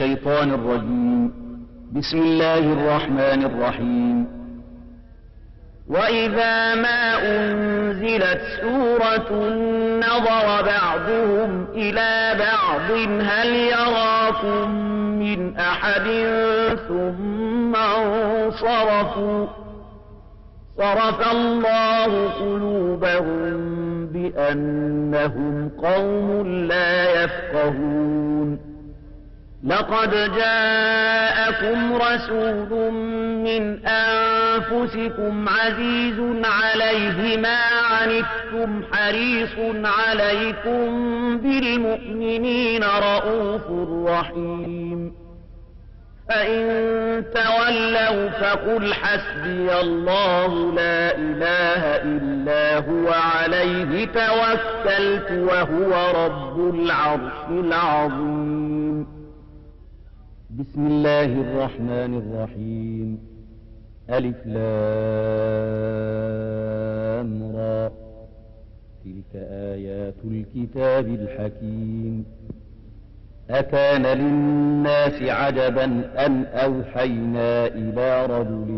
الشيطان الرجيم بسم الله الرحمن الرحيم وإذا ما أنزلت سورة نظر بعضهم إلى بعض هل يراكم من أحد ثم انصرفوا صرف الله قلوبهم بأنهم قوم لا يفقهون لقد جاءكم رسول من أنفسكم عزيز عليه ما عنتم حريص عليكم بالمؤمنين رؤوف رحيم فإن تولوا فقل حسبي الله لا إله إلا هو عليه توكلت وهو رب العرش العظيم بسم الله الرحمن الرحيم ألف لام را تلك آيات الكتاب الحكيم أكان للناس عجبا أن أوحينا إلى رجل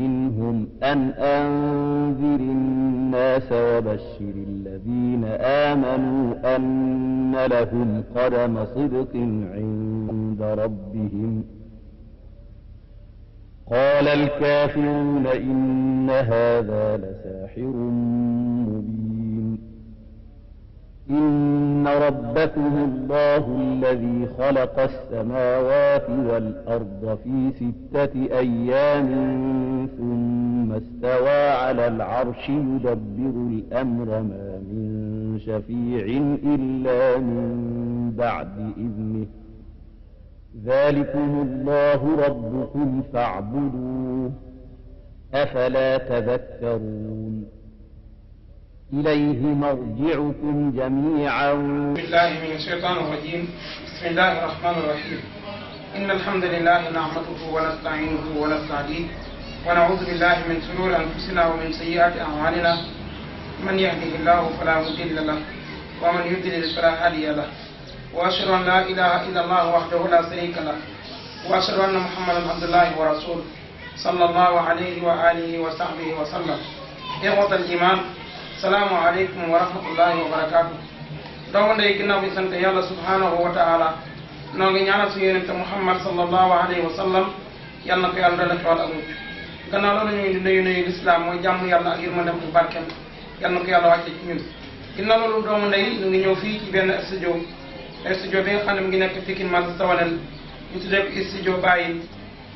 منهم أن أنذر الناس وبشر الذين آمنوا أن لهم قدم صدق عند عند ربهم قال الكافرون إن هذا لساحر مبين إن ربكم الله الذي خلق السماوات والأرض في ستة أيام ثم استوى على العرش يدبر الأمر ما من شفيع إلا من بعد إذنه ذلكم الله ربكم فاعبدوه أفلا تذكرون إليه مرجعكم جميعا بالله من الشيطان الرجيم بسم الله الرحمن الرحيم إن الحمد لله نعمته ونستعينه ونستعديه ونعوذ بالله من شرور أنفسنا ومن سيئات أعمالنا من يهده الله فلا مضل له ومن يضلل فلا هادي له وأشهد أن لا إله إلا الله وحده لا شريك له وأشهد أن محمدا عبد الله ورسوله صلى الله عليه وآله وصحبه وسلم إخوة الإيمان السلام عليكم ورحمة الله وبركاته doomu ndey ginnaaw bi sant yàlla subhanahu wa taala noo ngi ñaanal suñu yonente muhammad sallallahu alayhi wa sallam yàlla na ko yàlla dala xewal ak mucc gannaaw loolu ñu ngi nuyu nuyu lislaam mooy jàmm yàlla ak yërmandem bu barkeem yàlla na ko yàlla wàcce ci ñun ginnaaw loolu doomu ndey ñu ngi ñëw fii ci benn studio studio bi nga xam ne mu ngi nekk fii Kine Massa Sawaneen ñu tuddee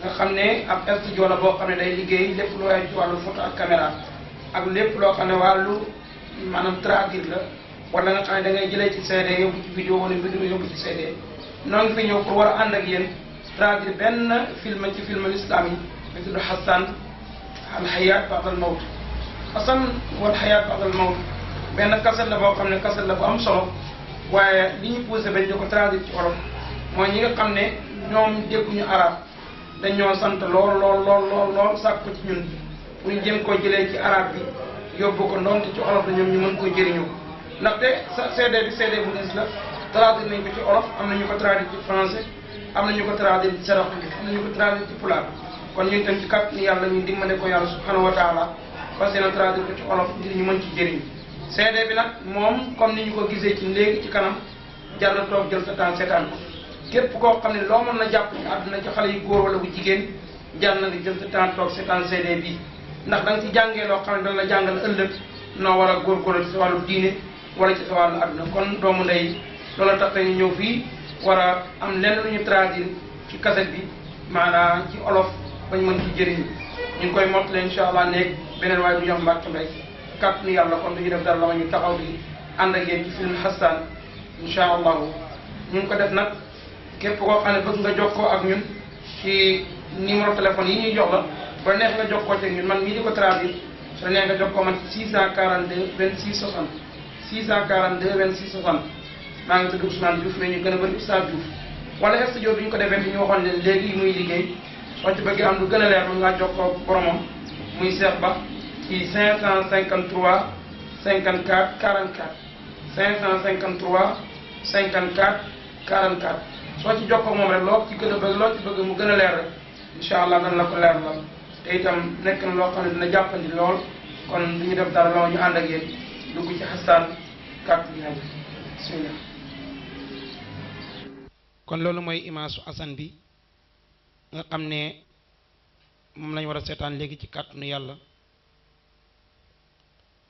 nga xam ne ab studio la boo xam ne day liggéey lépp lu waay wàllu photo ak caméra ak lépp loo xam ne wàllu maanaam traduire la wala nga xam ne da ngay jëlee ci CD yóbbu ci vidéo wala vidéo yóbbu ci CD noo ngi fi ñëw pour war a ànd ak yéen traduire benn film ci film islam yi mi tudd Hassan al Hayat Ba'dal Mawt Hassan wal Hayat Ba'dal Mawt benn kaset la boo xam ne kaset la bu am solo. waaye li ñu poussé ba ñu ko traduire ci olof mooy ñi nga xam ne ñoom dégguñu arab dañoo sant lool lool lool lool lool sàkku ci ñun pour ñu jëm koo jëlee ci arab bi yóbbu ko ndonte ci olof la ñoom ñu mën koo jëriñoo ndaxte sa CD bi CD bu gis la traduire nañ ko ci olof am na ñu ko traduire ci français am na ñu ko traduire ci sarax bi am na ñu ko traduire ci pulaar kon ñun tam ci kàttan yàlla ñu dimbale ko yàlla subhanahu wa taala parce que na traduire ko ci olof ngir ñu mën ci jëriñ seede bi nag moom comme ni ñu ko gisee ci léegi ci kanam jar na toog jël sa temps seetaan ko képp koo xam ne loo mën na jàpp ci àdduna ci xale yu góor wala bu jigéen jar na li jël sa temps toog seetaan seede bi ndax da ci jàngee loo xam ne dana la jàngal ëllëg noo war a góorgóorlu ci sa wàllu diine wala ci sa wàllu àdduna kon doomu ndey loola tax dañu ñëw fii war a am lenn lu ñu traduire ci kaset bi maanaam ci olof bañ mën ci jëriñ ñu koy mottale incha allah nekk beneen waaye bu ñu kàttanu yàlla kon duñu def dara la ma ñu taxaw di ànd ak yéen ci film xastaan incha allahu ñu ngi ko def nag képp ko xam ne bëgg nga jox ko ak ñun ci numéro téléphone yi ñuy jox la ba neex nga jox ko ci ñun man mii di ko traduire su neex nga jox de man 642 26 60 642 26 60 maa ngi tudd Ousmane Diouf mais ñu gën a bëri Oustaz Diouf wala studio bi ñu ko defee fi ñu waxoon ne léegi muy liggéey soo ci bëggee am lu gën a leer mën ngaa jox ko boromam muy Cheikh Ba ci 553 54 44 553 54 44 soo ci jokkoo moom rek loo ci gën a bëgg loo ci bëgg mu gën a leer rek incha allah dana la ko leer la te itam nekk na loo lool kon li ñu def dara loo ñu ànd ak yéen dugg ci xastaan kàddu gi nag kon loolu mooy imaasu asan bi nga xam ne moom lañu war a seetaan léegi ci kàttanu yàlla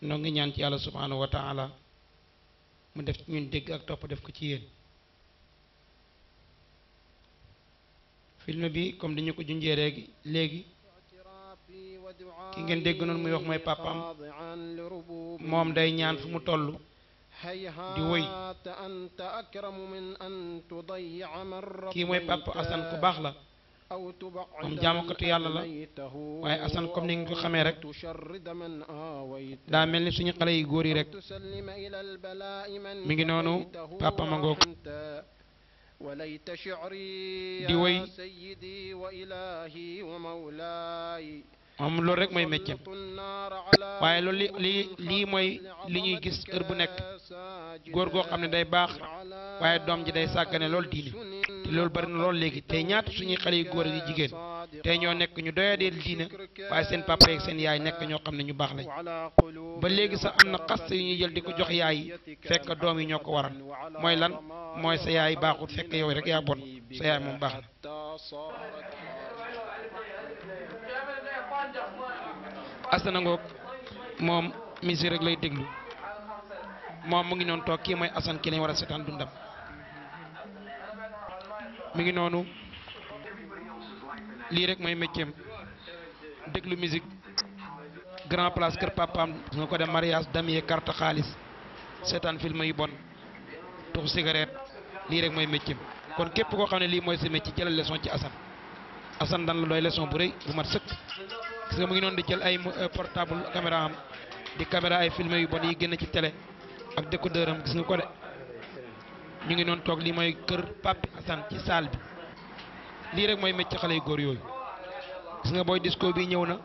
noo ñaan ci yàlla subhanahu wa mu def ci ñun dégg ak topp def ko ci yéen film bi comme dañu ko junjee léegi léegi ki ngeen dégg noonu muy wax mooy pàppam moom day ñaan fu mu toll di woy kii mooy pàpp Asan ku baax la moom jaamukatu yàlla la waaye asan comme ni nga ko xamee rek daa mel ni suñu xale yi góor yi rek mi ngi noonu papa ma ngoog di woy moom loolu rek mooy métier waaye loolu li li lii mooy li ñuy gis heure bu nekk góor goo xam ne day baax waaye doom ji day sàggane loolu diine te loolu bari na lool léegi tey ñaata suñuy xale yu góor yi jigéen tey ñoo nekk ñu doyadeel diina waaye seen papa yeeg seen yaay nekk ñoo xam ne ñu baax lañ ba léegi sax am na xasta yu ñuy jël di ko jox yaay yi fekk doom yi ñoo ko waral mooy lan mooy sa yaay baaxut fekk yow rek yaa bon sa yaay moom baax na asana ngoog moom musique rek lay déglu moom mu ngi noon toog kii mooy asan ki lañ war a seetaan dundam mi ngi noonu lii rek mooy métier déglu musique grand place kër papaam nga ko dem mariage damier carte xaalis seetaan film yu bon tux cigarette lii rek mooy métier kon képp koo xam ne lii mooy sa métier jëlal leçon ci Assane Assane dan la doy leçon bu rëy bu mat sëkk gis nga mu ngi noonu di jël ay euh, portable caméra am di caméra ay film yu bon yi génn ci télé ak décodeur am gis nga ko de ñu ngi noonu toog lii mooy kër Pape Assane ci salle bi lii rek mooy métti xale yu góor yooyu gis nga booy disco bi ñëw na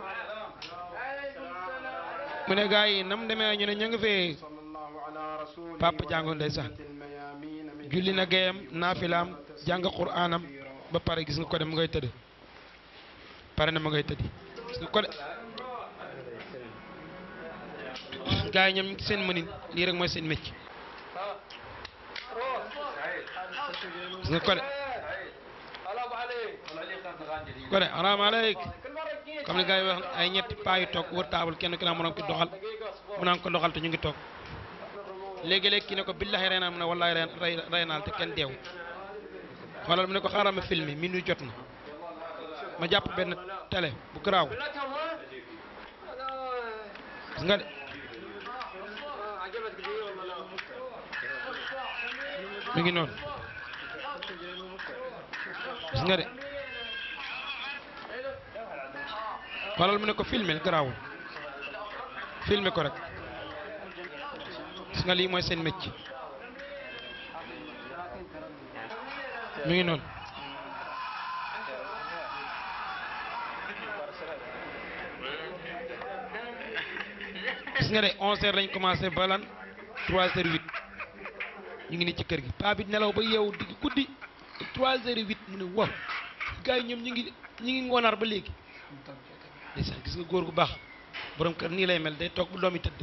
mu ne gars yi nam demee ñu ne ñu ngi fee Pape jàngoon ndeysaan julli na géeyam naafilaam jàng quraanam ba pare gis nga ko dem mu ngay tëdd pare na mu ngay tëdd gis yi ñoom seen mënin lii rek mooy seen métti gis nga kone kone araam aleyk comme li gars yi wax ay ñetti paa yu toog wër taabal kenn ki naa moroom ki doxal mu naan ko doxal te ñu ngi toog léegi-léegi ki ne ko billahi rey naa mu ne wallahi rey te kenn deew xoolal mu ne ko xaaral ma filmi mi nuy jot na ma jàpp benn télé bu garaaw gis nga de mi ngi noonu gis nga de xoolal mu ne ko filmel garaawul filmer ko rek gis nga lii mooy seen mécc mu ngi noonu gis nga de onze heures lañ commencé balan trois heures huit ñu ngi ni ci kër gi paa nelaw ba yeewu guddi trois heures et huit mu ne wow gars ñoom ñu ngi ñu ngi ngoonaar ba léegi ndeysaan gis nga góor gu baax borom kër nii lay mel day toog bu doom yi tëdd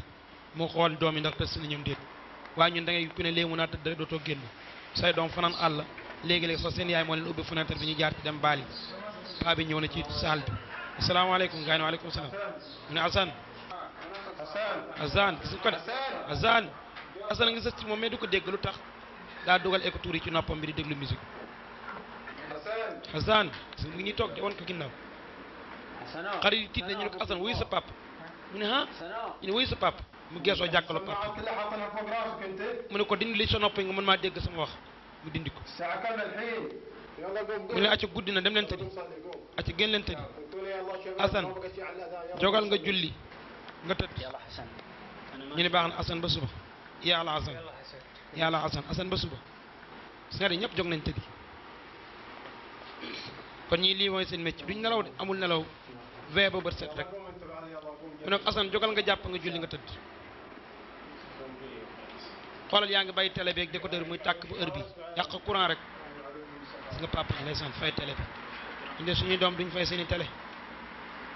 moo xool doom yi ndax tës na ñoom déet waaye ñun da ngay ku ne léegi mun naa dootoo génn say doom fanaan àll léegi-léegi sax seen yaay moo leen ubbi fenêtre bi ñu jaar ci dem baali paa bi ñëw na ci saal bi asalaamaaleykum gars yi waaleykum salaam mu ne Assane Assane gis nga ko de Assane Assane nga sës ci moom mais du ko dégg lu tax daa dugal écouteur yi ci noppam bi di déglu musique Assane mu ngi toog de wan ko ginnaaw xarit yi tiit na ñu ne ko Assane wuyu sa pap mu ne ah ñu ne sa pap mu geesoo jàkkaloo pap mu ne ko dindi li sa nopp nga mën maa dégg sama wax mu dindi ko mu acca guddi na dem leen tëddi acca génn leen tëddi jogal nga julli nga tëdd ñu baax na Assane ba suba yàlla Assane yàlla Assane Assane ba suba seere ñëpp jog nañ tëddi kon ñii lii mooy seen mécc duñ nelaw de amul nelaw vee ba bët set rek mu ne ko Assane nga jàpp nga julli nga tëdd xoolal yaa ngi bàyyi tele bi ak décodeur muy tàkk bu heure bi yàq courant rek gis nga papa ndeysaan fay télé bi ñu suñuy doom duñ fay seen i télé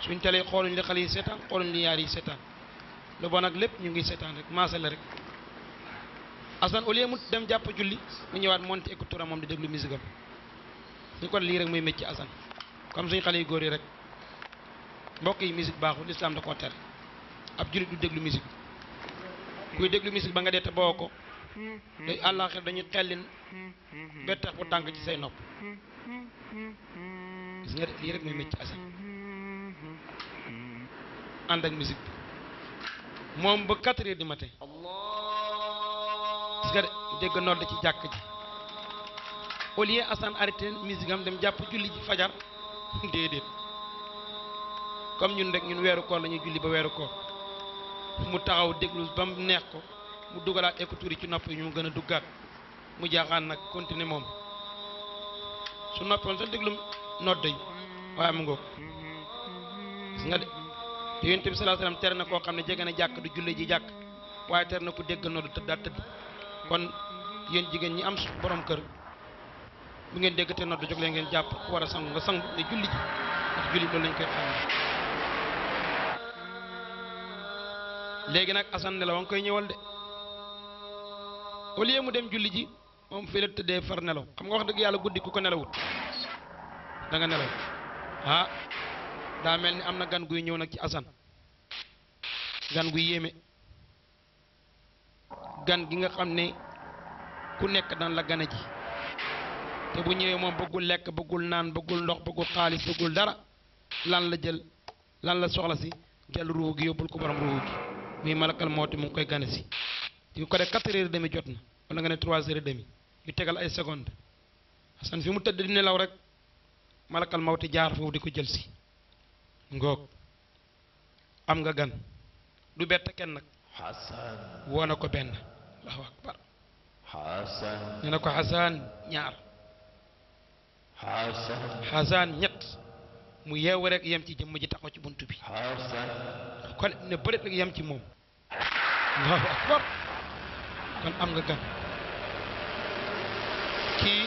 suñ télé yi xooluñ li xale yi seetaan xooluñ li yaar yi seetaan lu bon ak lépp ñu ngi seetaan rek maase la rek Assane au lieu mu dem jàpp julli mu ñëwaat monte écouteur moom di déglu musique am ñu kon lii rek muy métti asan comme suñ xale yu góor yi rek mbokk yi musique baaxul lislaam da koo ter ab jullit du déglu bi kuy déglu musique ba nga dee te boo ko day àllaaxir dañuy xellin ba bu tànk ci say nopp gis nga lii rek muy métti asan ànd ak musique moom ba quatre heures du matin gis nga dégg nodd ci jàkk ji au lieu Assane arrêté musique am dem jàpp julli ji fajar déedéet comme ñun rek ñun weeru koor la ñuy julli ba weeru koor mu taxaw déglu ba mu neex ko mu dugalaat écouteur ci nopp yi ñu gën a duggaat mu jaaxaan nag continuer moom su noppoon sax déglu nodd yi waaye mu ngoog nga de te yonent bi sallallahu tere na koo xam ne jege na jàkk du julli ji jàkk waaye tere na ku dégg nodd tëdd daal tëdd kon yéen jigéen ñi am borom kër bu ngeen dégg te noddu jóg leen ngeen jàpp ku war a sangu nga sangu ne julli ji ndax julli loolu lañ koy xam léegi nag asan nelaw nga koy ñëwal de au lieu mu dem julli ji moom fii la tëddee far nelaw xam nga wax dëgg yàlla guddi ku ko nelawut danga nga nelaw ah daa mel ni am na gan guy ñëw nag ci asan gan guy yéeme gan gi nga xam ne ku nekk dan la gane ji te bu ñëwee moom bëggul lekk bëggul naan bëggul ndox bëggul xaalis bëggul dara lan la jël lan la soxla si jël ruuhu gi yóbbul ko borom ruuhu gi muy malakal mawti mu ngi koy gane si di ko de quatre heures demi jot na wala nga ne trois heures et demi yu tegal ay seconde Xasan fi mu tëdd di nelaw rek malakal mawti jaar foofu di ko jël si ngoog am nga gan du bett kenn nag woo na ko benn allahu na ko Xasan ñaar xasaan ñett mu yeewu rek yem ci jëmm ji taxaw ci bunt bi kon ne bërit rek yem ci moom kon am nga gan kii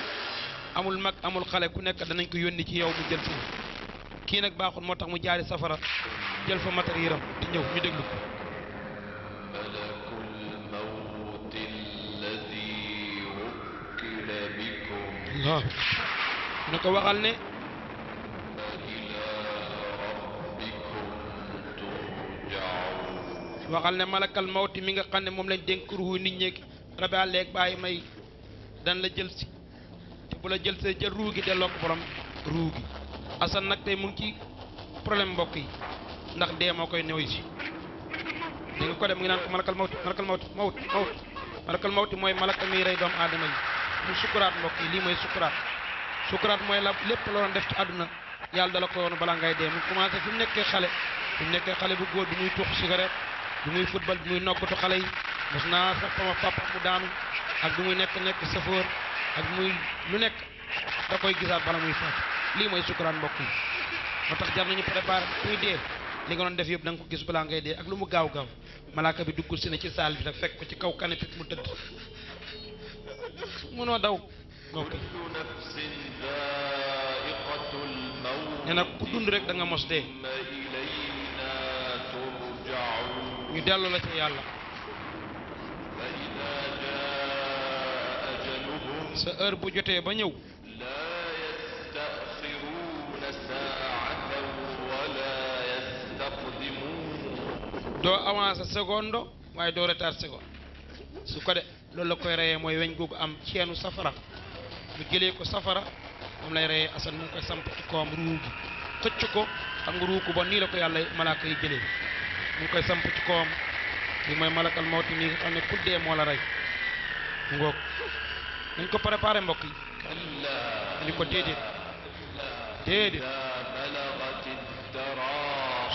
amul mag amul xale ku nekk danañ ko yónni ci yow mu jël fi kii nag baaxul moo tax mu jaari safara jël fa matériel am di ñëw ñu déglu ko allahu na ko waxal ne waxal ne malakal mawti mi nga xam ne moom lañ dénk ruuxu nit ñeeg rabi àlleeg bàyyi may dan la jël si te bu la jël see jël ruu gi delloo ko borom ruu gi asan nag tey mu ngi ci problème mbokk yi ndax dee moo koy néew si ko dem mu ngi naan ko malakal mawti malakal mawti mawt mawt malakal mawti mooy malaka miy rey doomu aadama yi mu sukuraat mbokk yi lii mooy sukuraat sukuraat mooy la lépp loo doon def ci àdduna yàlla dala ko woon balaa ngay dee mu commencé fi mu nekkee xale fi nekkee xale bu góor bi muy tuux cigarette bi muy football bi muy nokkatu xale yi mos naa sax sama papa mu daanu ak bi mu nekk nekk safoor ak muy lu nekk da koy gisaat bala muy faatu lii mooy sukuraat mbokk yi moo tax jar nañu préparé muy dee li nga def yëpp danga ko gis balaa ngay dee ak lu mu gaaw gaaw malaaka bi dugg si ne ci saal bi nag fekk ko ci kaw canapé mu tëdd nee na ku dund rek da nga mos dee ñu delloo la ci yàlla sa heure bu jotee ba ñëw doo avancer seconde waaye doo retard seconde su ko de loolu la koy reyee mooy weñ googu am ceenu safara ñu jëlee ko safara moom lay reyee asan mu ngi koy samp ci kawam ruu xëcc ko xam nga ruu ko bon nii la ko yàlla malaaka yi jëlee mu ngi koy samp ci kawam li mooy malakal mawti nii nga xam ne kuddee moo la rey mbokk yi ni ko déedéet déedéet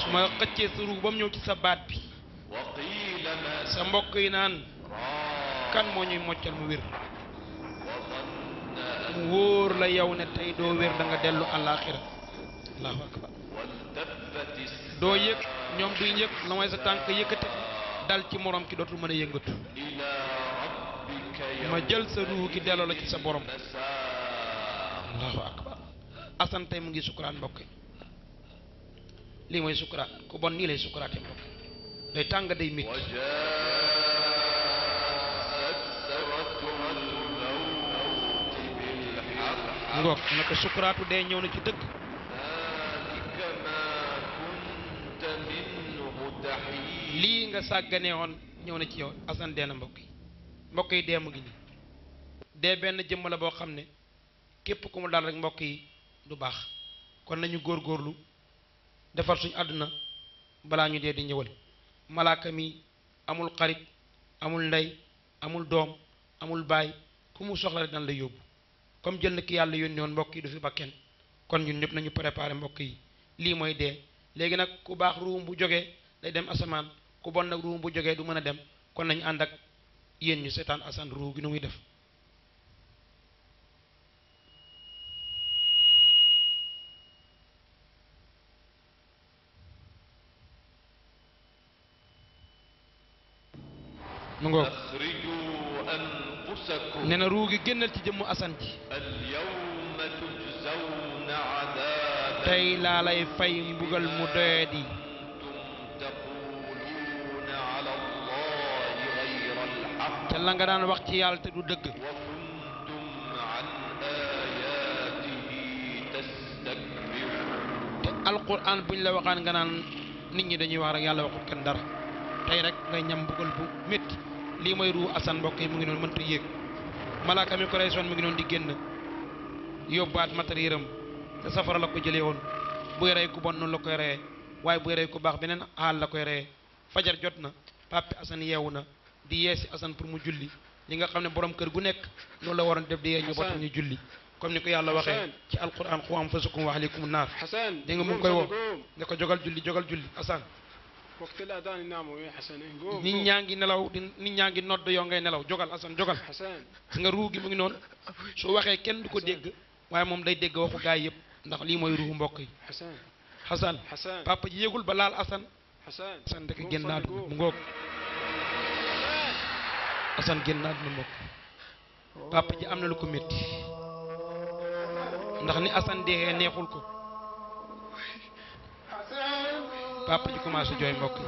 su ma xëccee sa ruu ba mu ñëw ci sa baat bi sa mbokk yi naan kan moo ñuy moccal mu wér yow ne tey doo wér da nga dellu àllaaxira allahu akbar yëg ñoom duñ yëg la mooy sa tànk yëkkati dal ci morom ki dootul mën a yëngatu ma jël sa ruux gi delloo la ci sa borom asan tey mu ngi sukuraat mbokk lii mooy sukuraat ku bon nii lay sukuraatee mbokk day tàng day mit ngoog naka sukuraatu dee ñëw na ci dëkk lii nga sàgganee woon ñëw na ci yow asan dee na mbokk yi mbokk yi dee mu ngi nii dee benn jëmm la boo xam ne képp ku mu daal mbokk yi du baax kon nañu góor góorlu defar suñu àdduna balaa ñu dee di ñëwal malaaka mi amul xarit amul ndey amul doom amul baay ku mu soxla rek dan la yóbbu comme jël na ki yàlla yónni woon mbokk yi du fi bakken kon ñun ñëpp nañu préparé mbokk yi lii mooy dee léegi nag ku baax ruum bu jógee day dem asamaan ku bon nag ruum bu jógee du mën a dem kon nañu ànd ak yéen ñu seetaan asan ruu gi nu muy def nee na ruu gi génnal ci jëmmu asan ji tey laa lay fay mbugal mu doyadi ca la nga daan wax ci yàlla te du dëgg te alquran buñ la waxaan nga naan nit ñi dañuy wax rek yàlla waxut kenn dara tey rek ngay ñam mbugal bu métti lii mooy ruu asan mbokk mu ngi noonu mënta yéeg malaaka mi ko rey soon mu ngi noonu di génn yóbbaat matériel am te safara la ko jëlee woon buy rey ku bon noonu la koy reyee waaye buy rey ku baax beneen xaal la koy reyee fajar jot na papi Assane yeewu na di yeesi Assane pour mu julli li nga xam ne borom kër gu nekk loolu la waroon def di yee ñu botam ñu julli comme ni ko yàlla waxee ci al alquran qu anfusakum wa ahlikum naar dégg nga mu ngi koy woo ne ko jogal julli jogal julli Assane Eh, eh, nit ñaa ngi nelaw di nit ñaa ngi nodd yoo ngay nelaw jogal asan jogal si nga ruu gi mu ngi noonu soo waxee kenn du ko dégg waaye moom day dégg waxu gaay yëpp ndax lii mooy ruuxu mbokk yi xasan papa ji yëgul ba laal asan asan dëkk génn naa àdduna mu ngoog asan mbokk papa ji am na lu ko métti ndax ni asan deexee neexul ko papa ji commencé jooy mbokk yi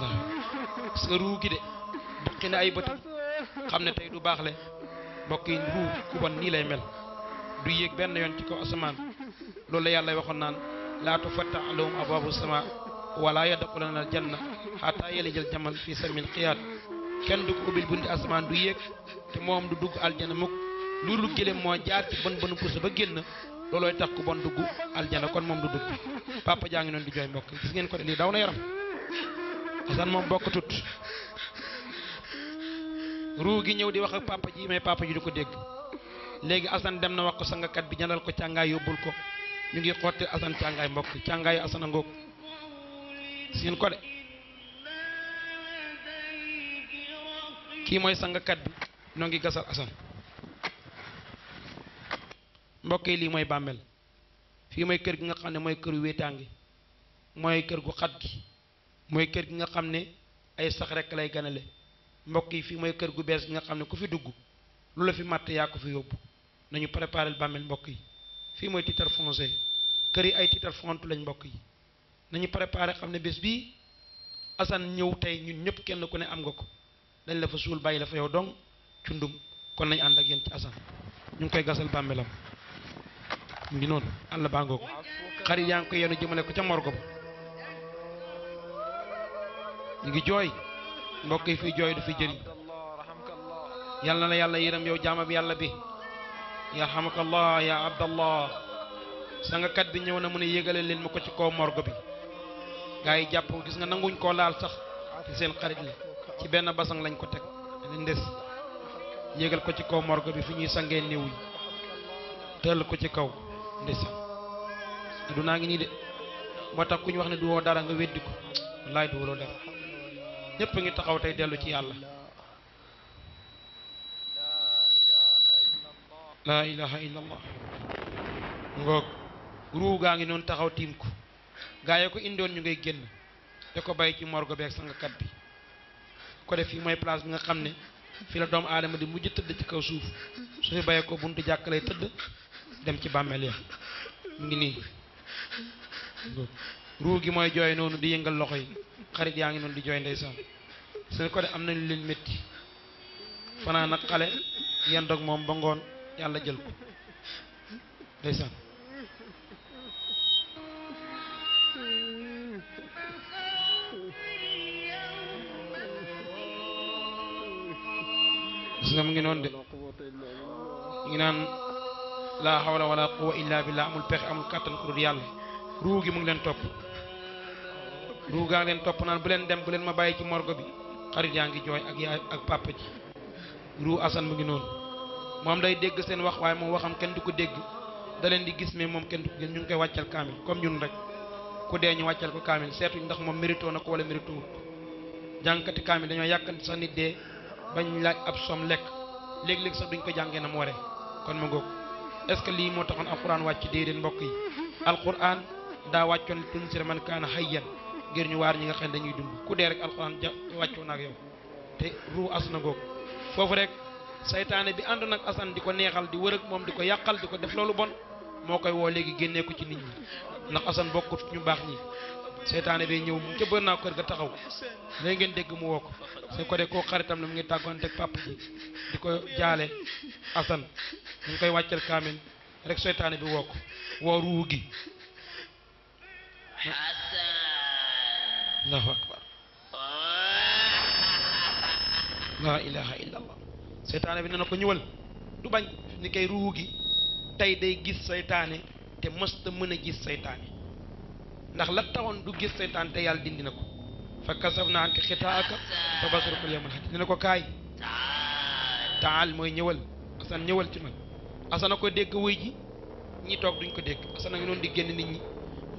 waaw parce gi de duqi na ay bëtam xam ne tey du baax le mbokk yi ruu ku bon nii lay mel du yéeg benn yoon ci kaw asamaan loolu la yàlla waxoon naan laa tufattax lahum abwaabu sama wala yadxuluuna aljanna xataa yalijal jamal fi samil xiyaat kenn du ko ubbil bunti asamaan du yéeg te moom du dugg aljana mukk lu dul moo jaar ci bën bënu puso ba génn loolooy tax ku bon dugg aljana kon moom du dugg papa jaa ngi noonu di jooy mbokk gis ngeen ko de lii daw na yaram asan moom bokk tut ruu gi ñëw di wax ak papa ji mais papa du ko dégg léegi asan dem na wax ko sangakat bi ñanal ko càngaay yóbbul ko ñu ngi xotti asan càngaay mbokk càngaayu asan a ngoog gis ngeen ko de kii mooy sangakat bi noo ngi gasal asan mbokk yi lii mooy bàmmeel fii mooy kër gi nga xam ne mooy këru wéetaange mooy kër gu xat gi mooy kër gi nga xam ne ay sax rekk lay ganale mbokk yi fii mooy kër gu bees gi nga xam ne ku fi dugg lu la fi màtt yaa ko fi yóbbu nañu préparé bàmmeel mbokk yi fii mooy titre foncier kër yi ay font lañ mbokk yi nañu préparé xam ne bés bii Assane ñëw tey ñun ñëpp kenn ku ne am nga ko dañ la fa suul bàyyi la fa yow dong cundum kon nañ ànd ak yenn ci Assane ñu ngi koy gasal bàmmeelam mu ngi noonu àll baa ngoog xar yi yaa ngi ko yenu jëmale ko ca morgo ba ngi jooy mbokk yi fii jooy du fi jëriñ yal na la yàlla yërëm yow jaama yàlla bi yarhamakallah ya abdallah sangakat bi ñëw na mu ne yégale leen ma ko ci kaw morgo bi gaa yi jàpp gis nga nanguñ ko laal sax ci seen xarit yi ci benn basang lañ ko teg dañ des yégal ko ci kaw morgo bi fi ñuy sangee néew yi tëll ko ci kaw ndeysaan addunaa ngi nii de moo tax wax ne du woo dara nga weddi ko wallaay du woo dara ñëpp ngi taxaw tey dellu ci yàlla laa ilaha illallah ngoog ruu gaa ngi noonu taxaw tiim ko gaa yi ko indoon ñu ngay génn te ko bàyyi ci morgo beeg sangakat bi ko def fii mooy place bi nga xam ne fii la doomu aadama di mujj tëdd ci kaw suuf su fi bàyyee ko buntu jàkk lay tëdd dem ci bàmmeel ya mu ngi nii ruu gi mooy jooy noonu di yëngal loxo yi xarit yaa ngi noonu di jooy ndeysaan seen ko de am nañu leen métti fanaan xale yan dog moom ba ngoon yàlla jël ko ndeysaan gis nga mu ngi noonu de ngi naan laa hawla wala quwa illa billah amul pexe amul kattan ku dul yàlla ruu gi mu ngi leen topp ruu gaa ngi leen topp naan bu leen dem bu leen ma bàyyi ci morgo bi xarit yaa ngi jooy ak yaay ak papa ji ruu asan mu ngi noonu moom day dégg seen wax waaye moom waxam kenn du ko dégg da di gis mais moom kenn du ko gis ñu ngi koy wàccal kaamil comme ñun rek ku dee ñu wàccal ko kaamil seetuñ ndax moom mérito na ko wala mérito wut ko jàngkati kaamil dañoo yàkkanti sax nit dee laaj ab som lekk léeg-léeg sax duñ ko jàngee na mu waree kon ma est-ce que lii moo taxoon alquran wàcc déedéet mbokk yi alquran daa wàccoon tunzira man kaana hayyan ngir ñu waar ñi nga xam ne dañuy dund ku dee rek alquran ja wàccoon ak yow te ruu as foofu rek saytaane bi àndoon nag asan di ko neexal di wër ak moom di ko yàqal di ko def loolu bon moo koy woo léegi génnee ko ci nit ñi ndax asan bokkut ñu baax ñi seytaane bi ñëw mu jëbër naa kër ga taxaw léegi ngeen dégg mu woo ko ko de koo xaritam la mu ngi tàggoon teg papa di ko jaale asan ñu ngi koy wàccal kaamil rek seytaane bi woo ko woo gi laa ilaha illa seytaane bi nee na ko ñëwal du bañ ni koy ruu gi tey day gis seytaane te mës ta mën a gis seytaane ndax la taxoon du gis seytaan te yàlla dindi na ko fa kasaf na anka xitaaka fa basaruka yawmal hadid dina ko kaay taal mooy ñëwal asan ñëwal ci man asana ko dégg wuy ji ñi toog duñ ko dégg asana ngi noonu di génn nit ñi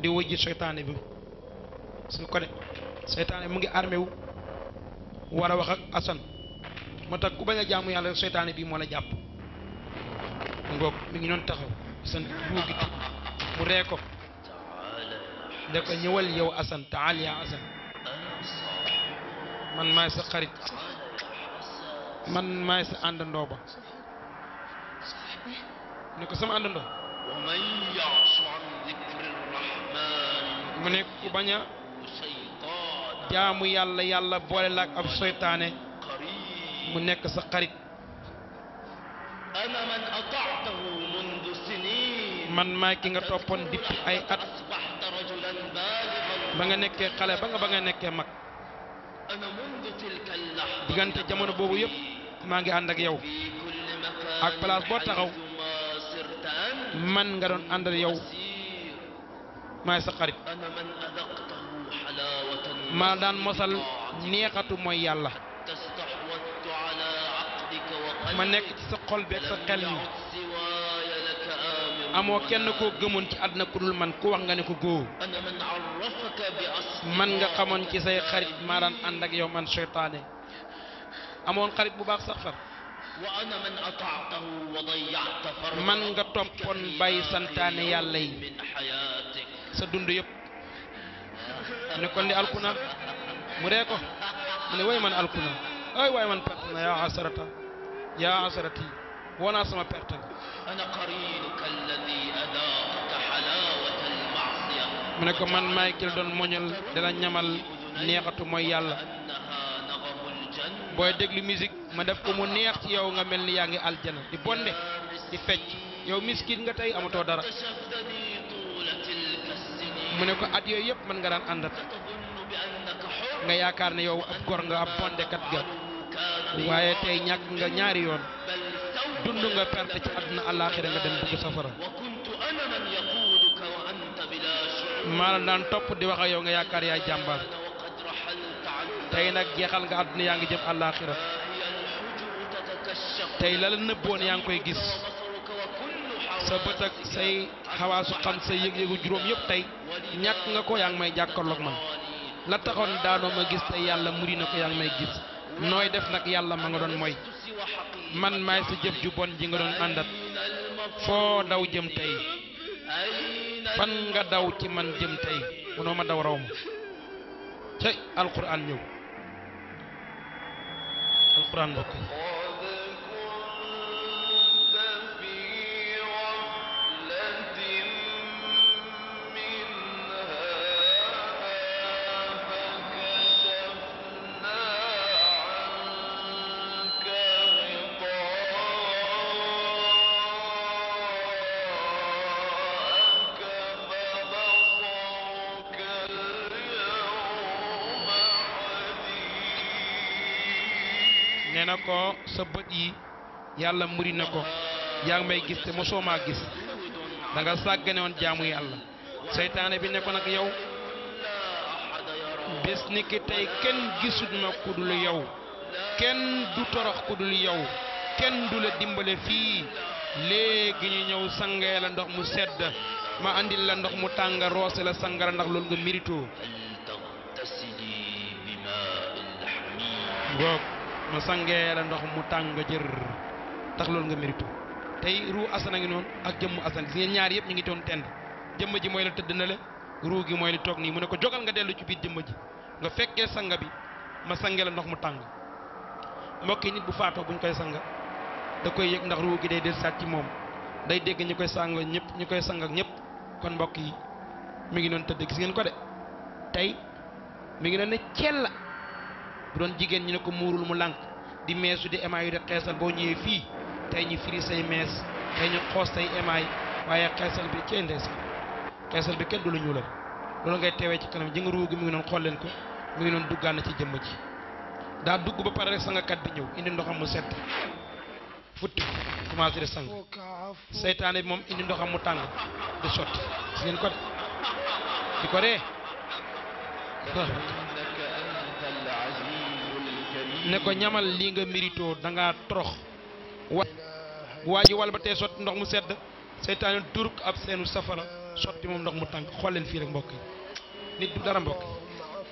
di wuy ji seytaane bi suñ ko de seytaane bi mu ngi armé wu war a wax ak asan moo tax ku bañ a jaamu yàlla seytaane bii moo la jàpp ngoog mi ngi doon taxaw asan buugiti mu ree ko da ko man maay sa xarit man jaamu yàlla yàlla boole la ab seytaane mu nekk sa xarit man maay ki nga toppoon dipp ay at ba nga nekkee xale ba nga ba nga nekkee mag diggante jamono boobu yëpp maa ngi ànd ak yow ak place boo taxaw man nga doon àndal yow maay sa xarit maa daan mosal neexatu mooy yàlla ma nekk ci sa xol bi ak sa xel mi amoo kenn koo gëmoon ci àdduna ku dul man ku wax nga ne ko góob man nga xamoon ci say xarit maa daan ànd ak yow man seytaane amoon xarit bu baax sax far man nga toppoon bàyyi santaane yàlla yi sa dund yëpp mu ne kon di alkuna mu ree ko mu ne way man alkuna ay waay man perte na yaa asarata yaa asarati woonaa sama perte ana qarinuka alladi mu ne ko man maay kil doon moñal dala ñamal neexatu mooy yàlla booy déglu musique ma def ko mu neex ci yow nga mel ni yaa ngi aljana di bonde di fecc yow miskin nga tey amatoo dara mu ne ko at yooyu yëpp mën nga daan àndat nga yaakaar ne yow ab gor nga ab bondekat ga waaye tey ñàkk nga ñaari yoon dund nga perte ci àdduna àllaaxira nga dem dugg safara maa la daan topp di wax yow nga yaakaar yaay jàmbaar tey nag jeexal nga àdduna yaa ngi jëm àllaaxira tey la la yaa ngi koy gis sa bët ak say xawaasu xam sa yëg-yëgu juróom yëpp tey ñàkk nga ko yaa ngi may jàkkaarloog man la taxoon daanoo ma gis tey yàlla muri na ko yaa ngi may gis nooy def nag yàlla ma nga doon mooy man maay sa jëf ju bon ji nga doon àndat foo daw jëm tey fan nga daw ci man jëm tey munoo ma daw raw ma ca alquran ñëw nee na ko sa bët yi yàlla muri na ko yaa ngi may gis te mosoo maa gis da nga sàggane woon jaamu yàlla seytaane bi ne ko nag yow bés ni ki tey kenn gisut ku dul yow kenn du torox ku dul yow kenn du la dimbale fii léegi ñu ñëw sangee la ndox mu sedd ma andil la ndox mu tàng roose la sangara ndax loolu nga mérito. ma sangee la ndox mu tàng jër tax lool nga mérito tey ruu asan a ngi noonu ak jëmmu asan gis ngeen ñaar yëpp ñu ngi doon tend jëmm ji mooy la tëdd na la ruu gi mooy li toog nii mu ne ko jogal nga dellu ci biir jëmm ji nga fekkee sanga bi ma sangee la ndox mu tàng mbokki nit bu faatoo buñ koy sanga da koy yëg ndax ruu gi day del saat ci moom day dégg ñu koy sang ñëpp ñu koy sang ak ñëpp kon mbokk yi mu ngi doon tëdd gis ngeen ko de bu doon jigéen ñi ne ko lu mu lànk di meesu di émaay yu di xeesal boo ñëwee fii tey ñi firi say mees tay ñu xoos say émaay waaye xeesal bi cee ndees xeesal bi kenn du la ñuulal loolu ngay teewee ci kanam ji nga gi mu ngi noonu xool leen ko mi ngi noonu duggaan na ci jëmm ji daa dugg ba pare rek sangakat bi ñëw indi ndoxam mu set futti commencé di sang seytaane bi moom indi ndoxam mu tàng di sotti si ngeen ko di ko ree ne ko ñamal lii nga mérito da ngaa torox waa ji wal ba tey sotti ndox mu sedd seytaane turuk ab seenu safara sotti moom ndox mu tànk xool leen fii rek mbokk yi nit du dara mbokk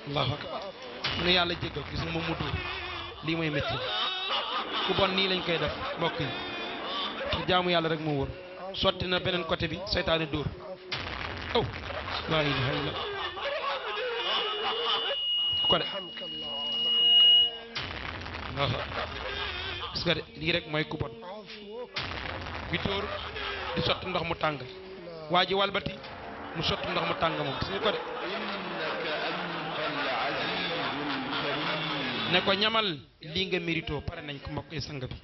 yi allahu yàlla jéggal gis nga moom mu dóor lii mooy métti ku bon nii lañ koy def mbokk yi te jaamu yàlla rek moo wóor sotti na beneen côté bi seytaane dóor aw oh. laa gis nga de lii mooy ku bon di sotti ndox mu tàng waa ji walbati mu sotti ndox mu tàng moom gis ko de ne ko ñamal lii nga mérito pare nañ ko mbokk yi sang bi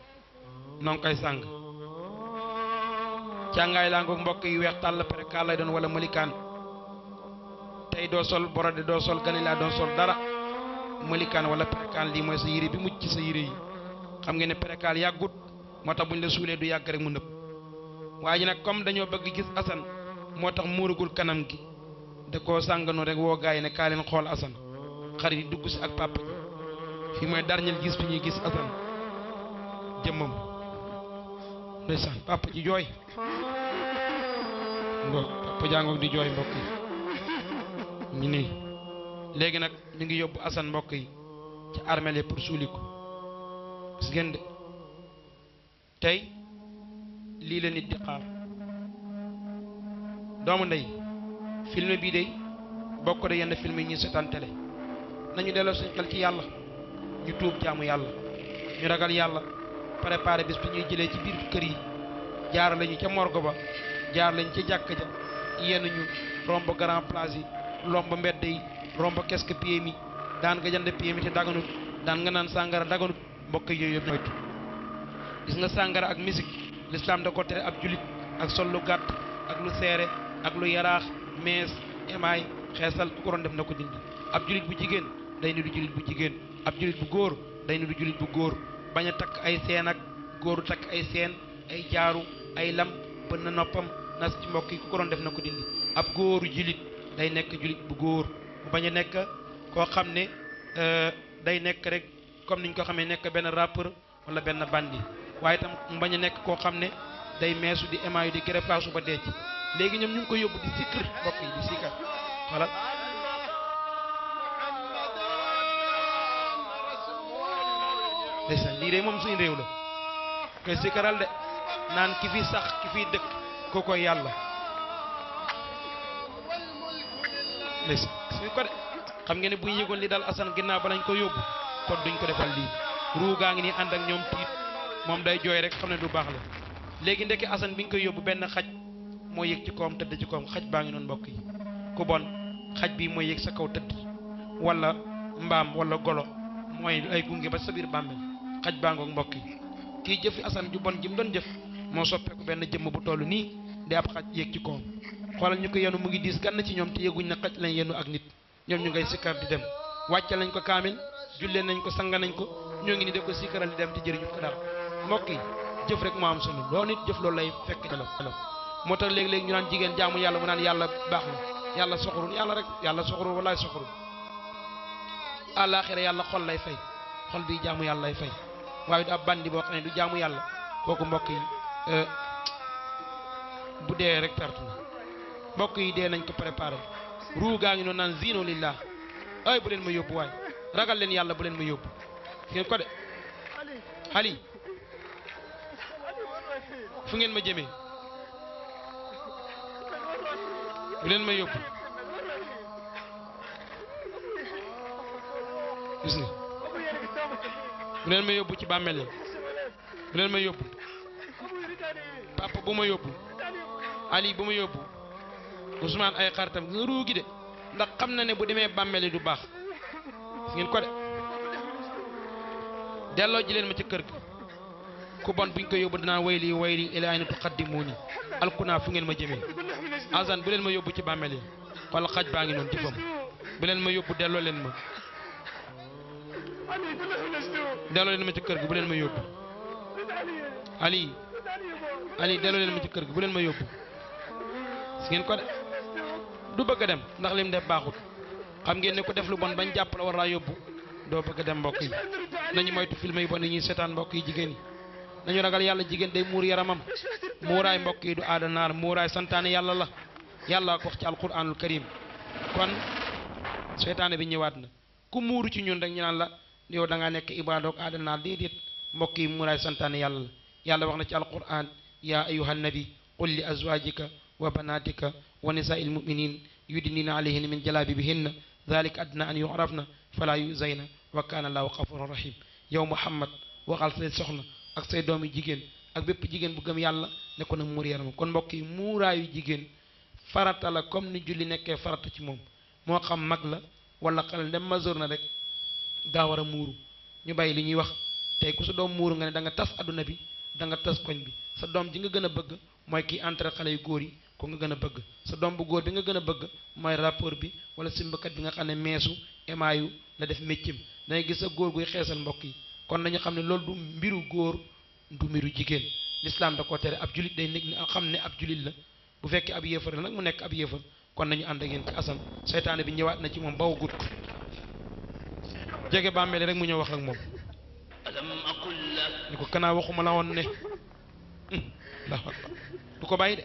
noo ngi koy sang càngaay laa ngoog mbokk yi weex tàll pare kaa lay doon wala malikaan tey doo sol borode doo sol gani laa doon sol dara malikaan wala pérékaan lii mooy sa yére bi mucc ci sa yére yi xam ngeen ne pérékaan yàggut moo tax bu ñu la suulee du yàgg rek mu nëb waaye nag comme dañoo bëgg gis Assane moo tax muuragul kanam gi da koo sàngano rek woo gars yi ne kaa leen xool Assane xarit yi dugg si ak papa ji fii mooy dernier gis bi ñuy gis Assane jëmmam ndeysaan ji jooy mbokk papa jàngoog di jooy mbokk léegi nag ñu ngi yóbbu Assane mbokk yi ci armeel yi pour suuli ko de tey lii la nit di xaar doomu ndey film bii de bokk de yenn film yi ñuy seetaan télé nañu delloo suñu xel ci yàlla ñu tuub jaamu yàlla ñu ragal yàlla préparé bis ñuy jëlee ci biir kër yi jaar lañu ca morgue ba jaar lañu ca jàkk ja yenn ñu romb grand place yi romb mbedd yi romb keske pied mi daan nga jënd pied mi te daganut daan nga naan sàngara daganut mbokk yooyu yëpp moytu gis nga sàngara ak musique l'islam da ko tere ab julit ak sol lu gàtt ak lu seere ak lu yaraax mees emaay xeesal ku def na ko dindi ab julit bu jigéen day ni du bu jigéen ab julit bu góor day ni du julit bu góor bañ a takk ay seen ak góoru takk ay seen ay jaaru ay lam bën na noppam nas ci mbokki yi def na ko dindi ab góoru julit day nekk julit bu góor mu bañ a nekk koo xam ne euh, day nekk rek comme niñ ko xamee nekk benn rappeur wala benn bandi waaye itam mu bañ a nekk koo xam ne day meesu di émaayu di kere place ba denc léegi ñoom ñu ngi ko yóbbu di sikkar mbokk di sikkar lii de moom suñu réew la koy sikkaral naan ki fi sax ki fi dëkk ko koy yàlla suñ ko de xam nga ne bu ñu li dal Assane ginnaaw ba lañ ko yóbbu kon duñ ko defal lii gaa ngi nii ànd ak ñoom tiit moom day jooy rek xam ne du baax la léegi ndekki Assane bi ñu koy yóbbu benn xaj moo yëg ci kawam tëdd ci kawam xaj baa ngi noonu mbokk yi xaj bii mooy yëg sa kaw tëdd wala mbaam wala golo mooy ay gunge ba sa biir bàmmeel xaj baa ngoog mbokk yi kii jëfi Assane ju bon ji mu doon jëf moo soppeeku benn jëmm bu toll nii di ab xaj yëg ci kawam xoolal ñu ko yenu mu ngi diis gann ci ñoom te yëguñ na xaj lañ yenu ak nit ñoom ñu ngay sikkar di dem wàccal nañ ko kaamil jullee nañ ko sanga nañ ko ñoo ngi ni de ko sikkaral di dem te jëriñu ko dara mbokk yi jëf rek moo am solo loolu nit jëf loolu lay fekk elo moo tax léegi-léegi ñu naan jigéen jaamu yàlla mu naan yàlla baax na yàlla soxorul yàlla rek yàlla soxorul walaay soxorul àllaaxira yàlla xol lay fay xol bii jaamu yàlla lay fay waaye du ab bandi boo xam ne du jaamu yàlla mbokk yi euh, bu mbokk yi dee nañ ko préparé ruu gaa ngi noonu naan ziino lillah ay bu leen ma yóbbu waay ragal leen yàlla bu leen ma yóbbu ngeen fu ngeen ma jëmee bu leen ma yóbbu gis nga ci bàmmeel yi bu leen ma yóbbu ali bu ma Ousmane ay xaritam nga ruugi de ndax xam na ne bu demee bàmmeeli du baax ngeen ko de delloo ji leen ma ci kër gi ku bon buñ ko yóbbu dinaa wayli wayli ilaa ayna tuqaddimuuni alkunaa fu ngeen ma jëmee azan bu leen ma yóbbu ci bàmmeel yi wala xaj baa ngi noonu jëfam bu leen ma yóbbu delloo leen ma delloo ci kër gi bu leen ma yóbbu ali ali delloo ma ci kër gi bu leen ma yóbbu si ngeen ko de du bëgg a dem ndax lim def baaxut xam ngeen ne ku def lu bon bañ jàpp la war laa yóbbu doo bëgg a dem mbokk yi nañu moytu film yi bon yi ñuy seetaan mbokk yi jigéen yi nañu ragal yàlla jigéen day muur yaramam muuraay mbokk yi du aada naar muuraay santaane yàlla la yàlla ko wax ci alquranul karim kon seytaane bi ñëwaat na ku muuru ci ñun rek ñu la yow danga nekk ibaadoog aada naar déedéet mbokk yi muuraay santaane yàlla la yàlla wax na ci alquran yaa ayuha nabi qul wa nisaa'il mu'miniin yudniina alayhinna min jalaabibihinna daalika adnaa an yu'rafna falaa yu'zayna wa kaana allaahu gafuuran rahiim yow Muhammad waxal say soxna ak say yu jigéen ak bépp jigéen bu gëm yàlla ne ko na muur yaramam kon mbokk yi muuraayu jigéen farata la comme ni julli nekkee farata ci moom moo xam mag la wala xale dem masoor na rek daa war a muuru ñu bàyyi li ñuy wax tey ku sa doom muuru nga ne da nga tas àdduna bi da nga tas koñ bi sa doom ji nga gën a bëgg mooy kii entre xale yu góor yi ku nga gën a bëgg sa doom bu góor bi nga gën a bëgg mooy rapport bi wala simbakat bi nga xam ne meesu emaayu la def méccim dangay gis sa góor guy xeesal mbokk yi kon nañu xam ne loolu du mbiru góor du mbiru jigéen lislaam da koo tere ab julit day nekk ni xam ne ab julit la bu fekkee ab yéefar la nag mu nekk ab yéefar kon nañu ànd ak yéen ci asan seytaane bi ñëwaat na ci moom ba gut ko jege bàmmeel rek mu ñëw wax ak moom ni ko kanaa waxuma la woon ne du ko bàyyi de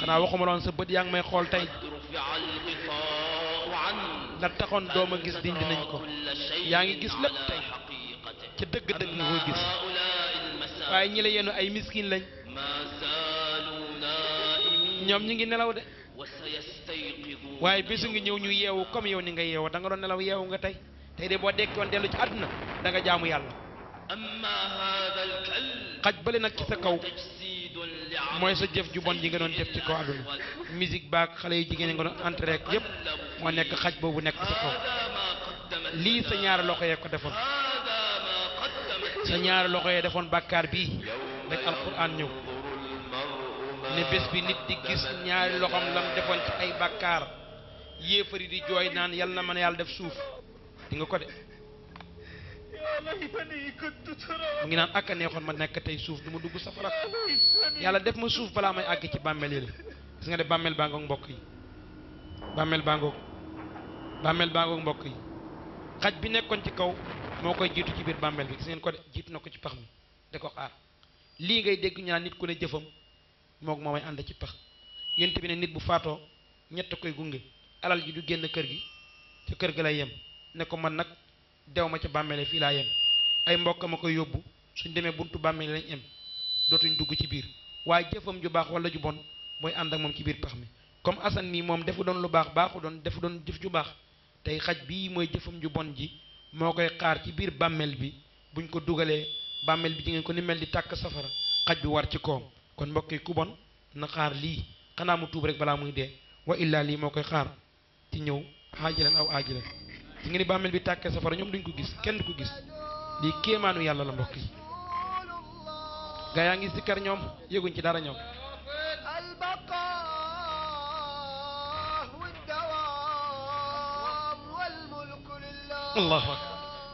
xanaa waxuma loon sa bët yaa ngi may xool tey la taxoon dooma gis dindi nañ ko yaa ngi gis lépp tey ca dëgg-dëgg nga koy gis waaye ñi la yenu ay miskin lañ ñoom ñu ngi nelaw de waaye bésu ngi ñëw ñu yeewu comme yow ni nga yeewu da nga doon nelaw yeewu nga tey tey de boo dekkoon dellu ci àdduna danga nga jaamu yàlla xaj bale nag ci sa kaw mooy sa jëf ju bon ji nga doon jëf ci kaw àdduna musique baak xale yu jigéen nga doon entre ak yëpp moo nekk xaj boobu nekk sa kaw lii sa ñaari loxo yee ko defoon sa ñaari loxo yee defoon bàkkaar bii rek alquran ñëw ne bés bi nit di gis ñaari loxom lam defoon ci ay bàkkaar yéefari di jooy naan yàlla na mën a yàlla def suuf di ko de mu ngi naan ak a neexoon ma nekk tey suuf duma ma dugg safara yàlla def ma suuf balaa may àgg ci bàmmeel yi la gis nga def bàmmeel baa mbokk yi bàmmeel baa ngoog bàmmeel mbokk yi xaj bi nekkoon ci kaw moo koy jiitu ci biir bàmmeel bi gis ngeen ko jiitu na ko ci pax mi da ko xaar lii ngay dégg ñu nit ku ne jëfam moog moo may ànd ci pax yént bi ne nit bu faatoo ñett koy gunge alal ji du génn kër gi ca kër gi lay yem ne ko man nag dew ma ca bàmmeele fii laa yem ay mbokkam a koy yóbbu suñ demee buntu bàmmeele lañ yem dootuñ dugg ci biir waaye jëfam ju baax wala ju bon mooy ànd ak moom ci biir pax mi comme asan mii moom defu doon lu baax baaxu doon defu doon jëf ju baax tey xaj bii mooy jëfam ju bon ji moo koy xaar ci biir bàmmeel bi buñ ko dugalee bàmmeel bi ji ngeen ko ni mel di tàkk safara xaj bi war ci koom kon mbokk ku bon na xaar lii xanaa mu tuub rek balaa muy dee wa illaa lii moo koy xaar ci ñëw xaajilan aw aajilan fi nga ni bàmmeel bi tàkkee safara ñoom duñ ko gis kenn du ko gis lii kéemaanu yàlla la mbokk yi gaa yaa ngi sikkar ñoom yëguñ ci dara ñoom allahu akbar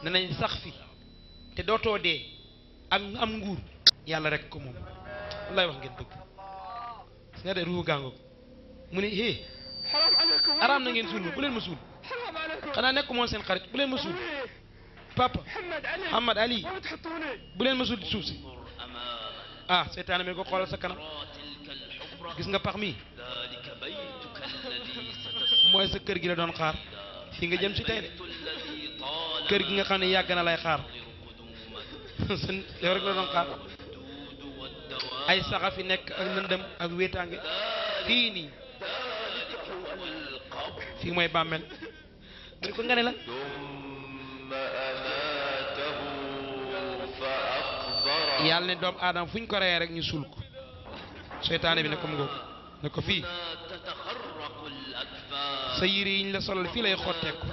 ne nañ sax fi te dootoo dee ak am nguur yàlla rek ko moom wallaay wax ngeen dëgg si nga de ruuhu gàngoog mu ne hé araam na ngeen suul ma bu leen ma suul xanaa nekk moon seen xarit bu leen ma suul papa Ahmad Ali bu leen ma suul ci suuf si ah, ko xoolal sa kanam gis nga pax mi mooy sa kër gi la doon xaar nga jëm si kër gi nga xam ne yàgg na lay xaar seen yow rek la doon xaar ay saxa fi nekk ak lëndëm ak wéetaange fii nii fii mooy bàmmel mu ne ko nga ne la yàlla ne doomu aadama fu ñu ko reyee rek ñu suul ko seytaane bi ne ko mu ngoog ne ko fii sa yére yi ñu la solal fii lay xotteeku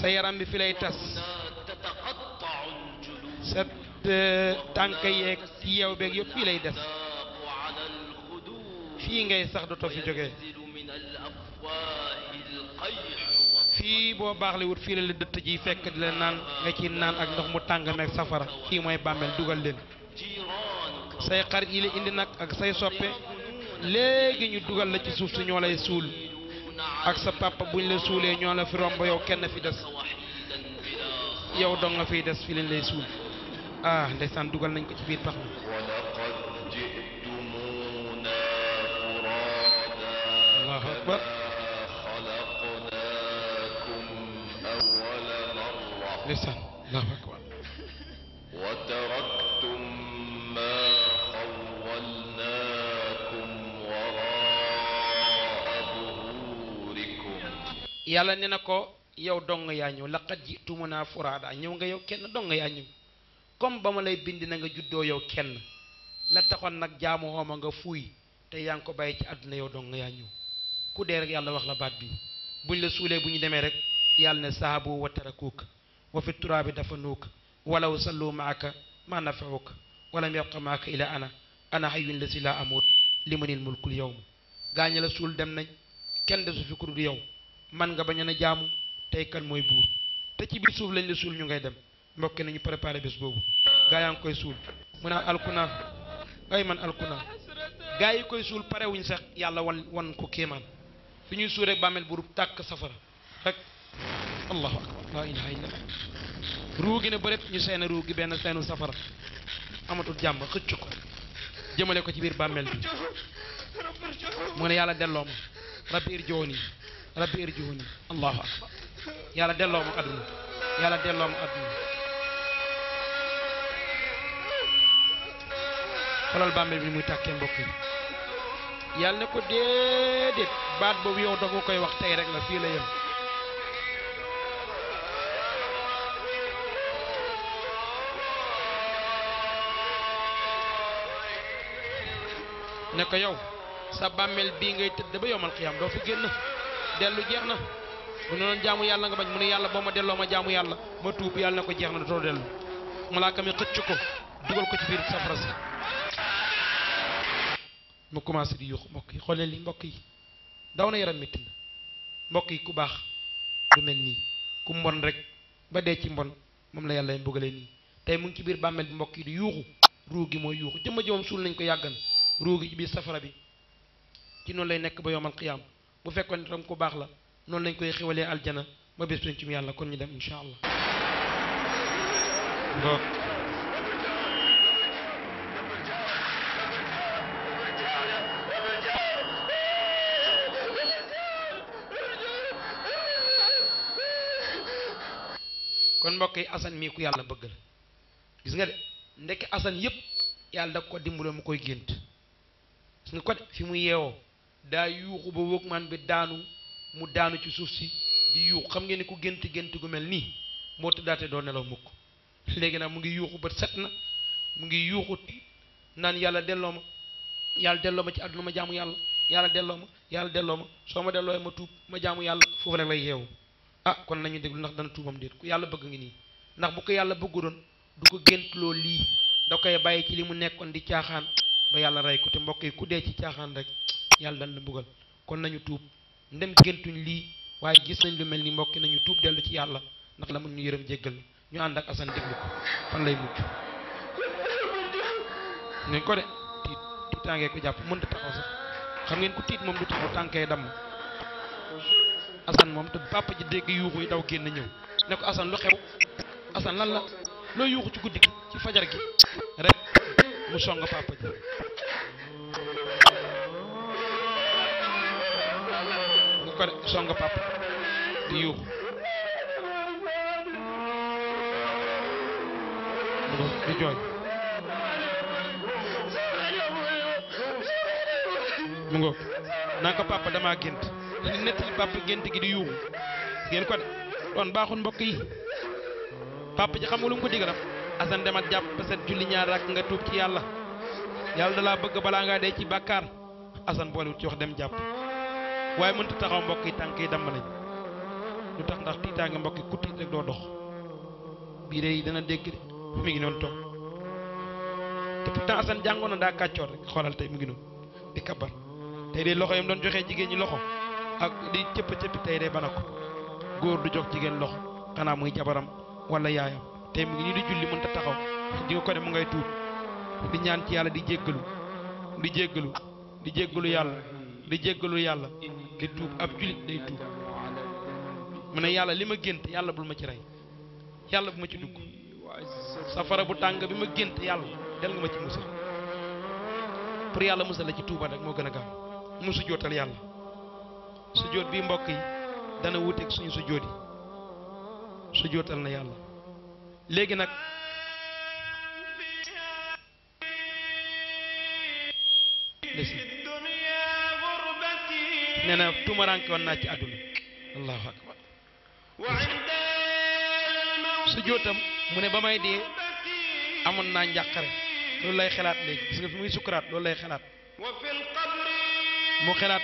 sa yaram bi fi lay tas sa tànk yeeg yeew beeg yëpp fii lay des fii ngay sax dootoo fi jógee fii boo baax le wut fii la leen dëtt ji fekk di leen naan nga ci naan ak ndox mu tàng meeg safara fii mooy bàmmeel dugal leen say xarit yi la indi nag ak say soppe léegi ñu dugal la ci suuf si ñoo lay suul ak sa papa buñ la suulee ñoo la fi romb yow kenn fi des yow dong nga fiy des fii lañ lay suul ah ndeysaan dugal nañ ko ci biir pax mi allahu akbar ndeysaan allahu akbar وتركتم ما yàlla ne na ko yow dong yaa ñëw laqad jitumuna furaada ñëw nga yow kenn dong yaa ñëw comme ba ma lay bind na nga juddoo yow kenn la taxoon nag jaamu xooma nga fuuy te yaa ngi ko bàyyi ci àdduna yow dong yaa ñëw ku dee rek yàlla wax la baat bi buñ la suulee bu ñu demee rek yàlla ne saabu wa tarakuuk wa fi turaabi dafa nuuk walaw sallu maaka ma nafauk walam yabqa maaka ila ana ana xayun la si laa amoot li ma nil mulkul yow ma gaaña la suul dem nañ kenn desu fi kuréel yow man nga bañ a jaamu tey kan mooy buur te ci biir suuf lañ la suul ñu ngay dem mbokk nañu préparé bés boobu gaa yaa ngi koy suul mu naan alkunaa ay man alkunaa gaa yi koy suul pare wuñ sax yàlla wan wan ko kéemaan fi ñuy suul rek bàmmeel bu tàkk safara allahu akbar laa ilaha illa ruu gi ne ñu seen ruu benn seenu safara amatul jàmm xëcc ko jëmale ko ci biir bàmmeel bi mu ne yàlla delloo ma rabbi irjooni rabbi irjooni allahu akbar yàlla delloo ma àdduna yàlla delloo ma àdduna xoolal bàmmeel bi muy tàkkee mbokk yi yàlla ne ko déedéet baat boobu yow da koy wax tey rek la fii la yem ne ko yow sa bàmmeel bii ngay tëdd ba yomal xiyam doo fi génn dellu jeex na bu ne noonu jaamu yàlla nga bañ mu ne yàlla boo ma delloo ma jaamu yàlla ma tuub yàlla ne ko jeex na dootoo dellu malaaka mi xëcc ko dugal ko ci biir safara si mu commencé di yuux mbokk yi xoolee li mbokk yi daw na yaram métti mbokk yi ku baax du mel nii ku mbon rek ba dee ci mbon moom la yàlla mbugalee nii tey mu ngi ci biir bàmmeel bi mbokk yi di yuuxu ruu gi mooy yuuxu jëmma jëmam suul nañ ko yàggan ruugi ci biir safara bi ci noonu lay nekk ba yomal qiyaam bu fekkoon itam ku baax la noonu lañ koy xiwalee aljana ba bés penc mi yàlla kon ñu dem incha allah. mbokk yi asan mii ku yàlla bëgg la gis nga de ndekki asan yëpp yàlla da ko dimbaloo mu koy gént. gis nga côté fi mu yeewoo daa yuuxu ba wóogmaan bi daanu mu daanu ci suuf si di yuuxu xam ngeen ni ku gént gént gu mel nii moo tëddaate doo nelaw mukk léegi nag mu ngi yuuxu ba set na mu ngi yuuxu naan yàlla delloo ma yàlla delloo ma ci àdduna ma jaamu yàlla yàlla delloo ma yàlla delloo ma soo ma delloo ma tuub ma jaamu yàlla foofu rek lay yeewu ah kon nañu déglu ndax dana tuubam déet ku yàlla bëgg ngi nii ndax bu ko yàlla bëggu doon du ko géntloo lii da koy bàyyi ci li mu nekkoon di caaxaan ba yàlla rey ko te mbokk yi ku dee ci caaxaan rek yàlla dañ la mbugal kon nañu tuub ndem géntuñ lii waaye gis nañ lu mel ni mbokki nañu tuub dellu ci yàlla ndax la mun ñu yërëm jéggal ñu ànd ak asan déglu ko fan lay mujj nañ ko de tiit tiitaangee ko jàpp mënta taxaw sax xam ngeen ku tiit moom du taxaw tànkee damm asan moom te papa ji dégg yuuxu yi daw génn ñëw ne ko asan lu xew asan lan la loo yuuxu ci guddi ci fajar gi rek mu song papa ji mu ko song papa di yuuxu mu ngoog naa papa dama gént te di papa gént gi di yuuxu ngeen ko de doon baaxul mbokk yi papa ji xam nga lu mu asan demal jàpp set julli ñaar rakk nga tuub ci yàlla yàlla dalaa bëgg balaa ngaa dee ci bàkkaar asan boolewut ci wax dem jàpp waaye mënta taxaw mbokk yi tànk yi damm nañ lu tax ndax tiitaange mbokk yi rek doo dox bii de dana dégg de mi ngi noonu toog te pourtant asan jàngoon na daa kàccoor rek xoolal mu ngi noonu di kabar tey de loxo yam doon joxe jigéen ñi loxo ak di cëpp cëpp tey de bana ko góor du jox jigéen loxo xanaa muy jabaram wala yaayam tey mu ngi ñu di julli mënta taxaw di nga ko ne mu ngay tuub di ñaan ci yàlla di jéggalu di jéggalu di jéggalu yàlla di jéggalu yàlla di tuub ab jullit day tuub mu ne yàlla li ma gént yàlla bul ma ci rey yàlla bu ma ci dugg safara bu tàng bi ma gént yàlla del nga ma ci musal pour yàlla musal la ci tuuba rek moo gën a gaaw mu su jootal yàlla su joot bii mbokk yi dana wuteeg suñu su yi su jootal na yàlla léegi nag nee na tumaranke woon naa ci àdduna allahu akbar su mu ne ba may dee amoon naa njàqare loolu lay xalaat léegi gis fi muy sukuraat loolu lay xalaat mu xalaat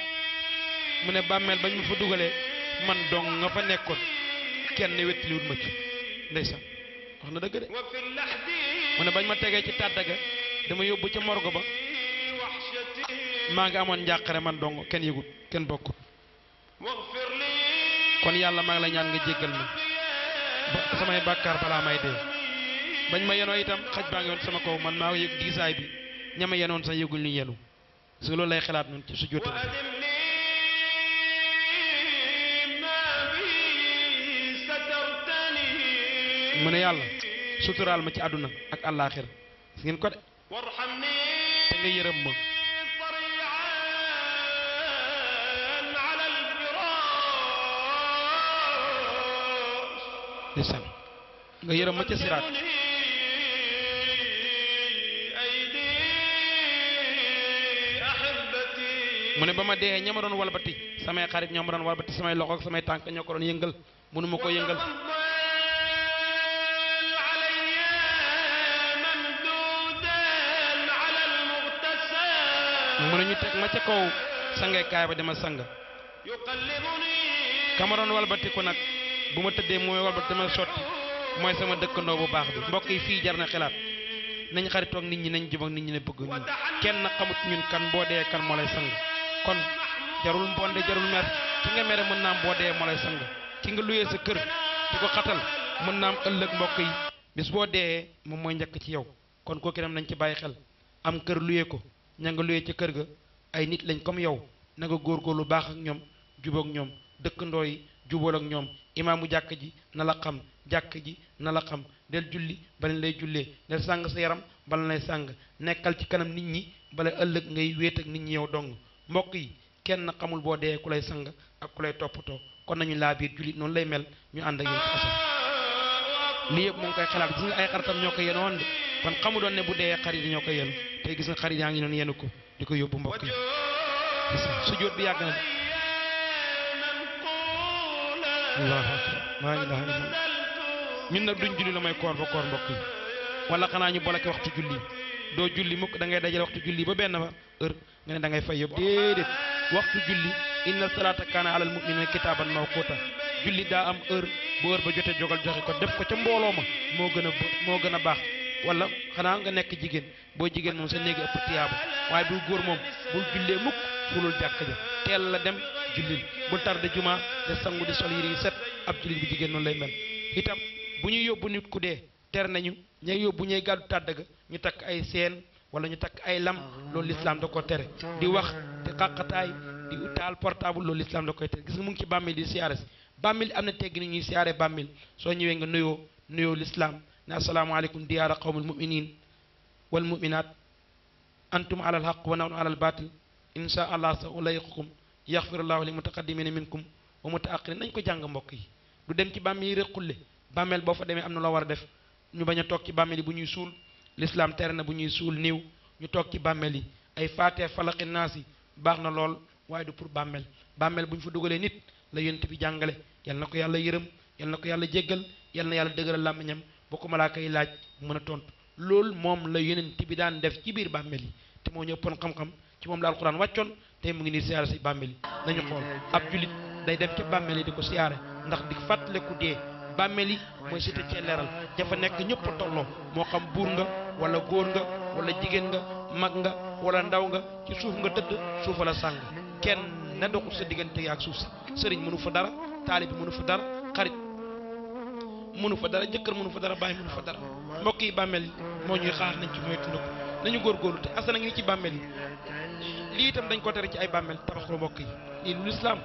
mu ne bàmmeel bañ ma fa dugalee man dong nga fa nekkoon kenn wettiliwut ma ci ndeysaan wax na dëgg bañ ma tegee ci tàdda ga dama yóbbu ca morgo ba maa ngi amoon njàqare man dong kenn yëgut kenn bokkut kon yàlla maa ngi la ñaan nga jéggal ma samay bàkkaar balaa may dee bañ ma yenoo itam xaj baa ngi woon sama kaw man maa yëg diisaay bi ñama yenoon sax yëguñ lu yenu su loolu lay xalaat noonu ci su jotee mu ne yàlla suturaal ma ci àdduna ak àllaaxira gis ngeen ko de te nga yërëm ma ndeysaan nga yërëm ma ca siraat mu ne ba ma dee ña ma doon walbati samay xarit ñoo ma doon walbati samay loxo samay tànk ñoo ko doon yëngal mënuma ko yëngal mu ne ñu teg ma ca kaw sangeekaay ba dama sang kama doon walbatiku nag bu ma tëddee mooy walbati dama sotti mooy sama dëkkandoo bu baax bi mbokk yi fii jar na xelaat nañ xaritoog nit ñi nañ jubag nit ñi ne bëgg ñu kenn xamut ñun kan boo dee kan moo lay sang kon jarul mbonde jarul mer ki nga mere mën naam boo dee moo lay sang ki nga luyee sa kër di ko xatal mën naam ëllëg mbokk yi bis boo dee moom mooy njëkk ci yow kon kooku dem nañ ci bàyyi xel am kër luyee ko ña nga ca kër ga ay nit lañ comme yow na góor lu baax ak ñoom jubóog ñoom dëkkandoo yi jubóol ak ñoom imaamu jàkk ji na la xam jàkk ji na la xam del julli balañ lay jullee del sàng sa yaram bala lay sàng nekkal ci kanam nit ñi bala ëllëg ngay wéet ak nit ñi yow dong mbokk yi kenn xamul boo dee ku lay sang ak ku lay toppatoo kon nañu laa biir jullit noonu lay mel ñu ànd ak yéen lii yëpp mu ngi koy xalaat gis nga ay xaritam ñoo ko yéen woon de kon xamu doon ne bu dee xarit ñoo ko yéen tey gis nga xarit yaa ngi noonu yéen ko di ko yóbbu mbokk yi sujjóot bi yàgg na allahu akbar nag duñ julli la may koor ba koor mbokk yi xanaa ñu boloke waxtu julli doo julli mukk da ngay dajale waxtu julli ba benn heure nga ne da ngay fay yóbbu déedéet waxtu julli inna salaata kaana alal mu'minina kitaaban mawquuta julli daa am heure bu heure ba jotee jógal joxe ko def ko ca mbooloo ma moo gën a moo gën a baax wala xanaa nga nekk jigéen boo jigéen moom sa néegi ëpp tiyaaba waaye bul góor moom bul jullee mukk fulul jàkk ja teel la dem jullil bul tarde juma te sangu di sol yére yi set ab jullit bu jigéen noonu lay mel itam bu ñu yóbbu nit ku dee ter nañu ñay yóbbu ñay gàddu tàdd ga ñu takk ay seen wala ñu takk ay lam ah. loolu lislaam da ko tere wax xàqataay di utaal portable loolu lislaam da koy tere gis nga mu ci bàmmil di siyaare si bàmmil am na tegg ni ñuy siyaare bàmmil soo ñëwee nga nuyoo nuyoo lislaam ne asalaamaaleykum diyaara qawmul muminin wal muminat antum ala al haq wa nahnu ala al batil insha allah sa ulayqukum yaxfirullahu li mutaqaddimina minkum wa mutaaxirin nañ ko jàng mbokk yi du dem ci bàmmil yi rëqulle bàmmeel boo fa demee am na loo war a def ñu bañ a toog ci bàmmeel yi bu ñuy suul lislaam tere na bu ñuy suul néew ñu toog ci bàmmeel yi ay faatee falaqi yi baax na lool waaye du pour bàmmeel bàmmeel bu ñu fa dugalee nit la yonent bi jàngale yal na ko yàlla yërëm yal na ko yàlla jéggal yal na yàlla dëgëral làmmiñam boo ko laa yi laaj mën a tontu loolu moom la yonent bi daan def ci biir bàmmeel yi te moo ñëppoon xam-xam ci moom la alxuraan wàccoon tey mu ngi nii siyaare si bàmmeel yi nañu xool ab julit day dem ca bàmmeel yi di ko siyaare ndax di fàttaliku dee bàmmeel yi mooy cité cee leeral nekk ñëpp tolloo moo xam buur nga wala góor nga wala jigéen nga mag nga wala ndaw nga ci suuf nga tëdd suufa a sàng kenn na doxul sa diggante ak suuf si sëriñ mënu fa dara taalib mënu fa dara xarit mënu fa dara jëkkër mënu fa dara bàyyi mënu fa dara mbokk yi bàmmeel moo ñuy xaar nañ ci moytu nag nañu góorgóorlu te asana ngi ci bàmmeel yi lii itam dañ ko tere ci ay bàmmeel tabaxul mbokk yi lii lu lislaam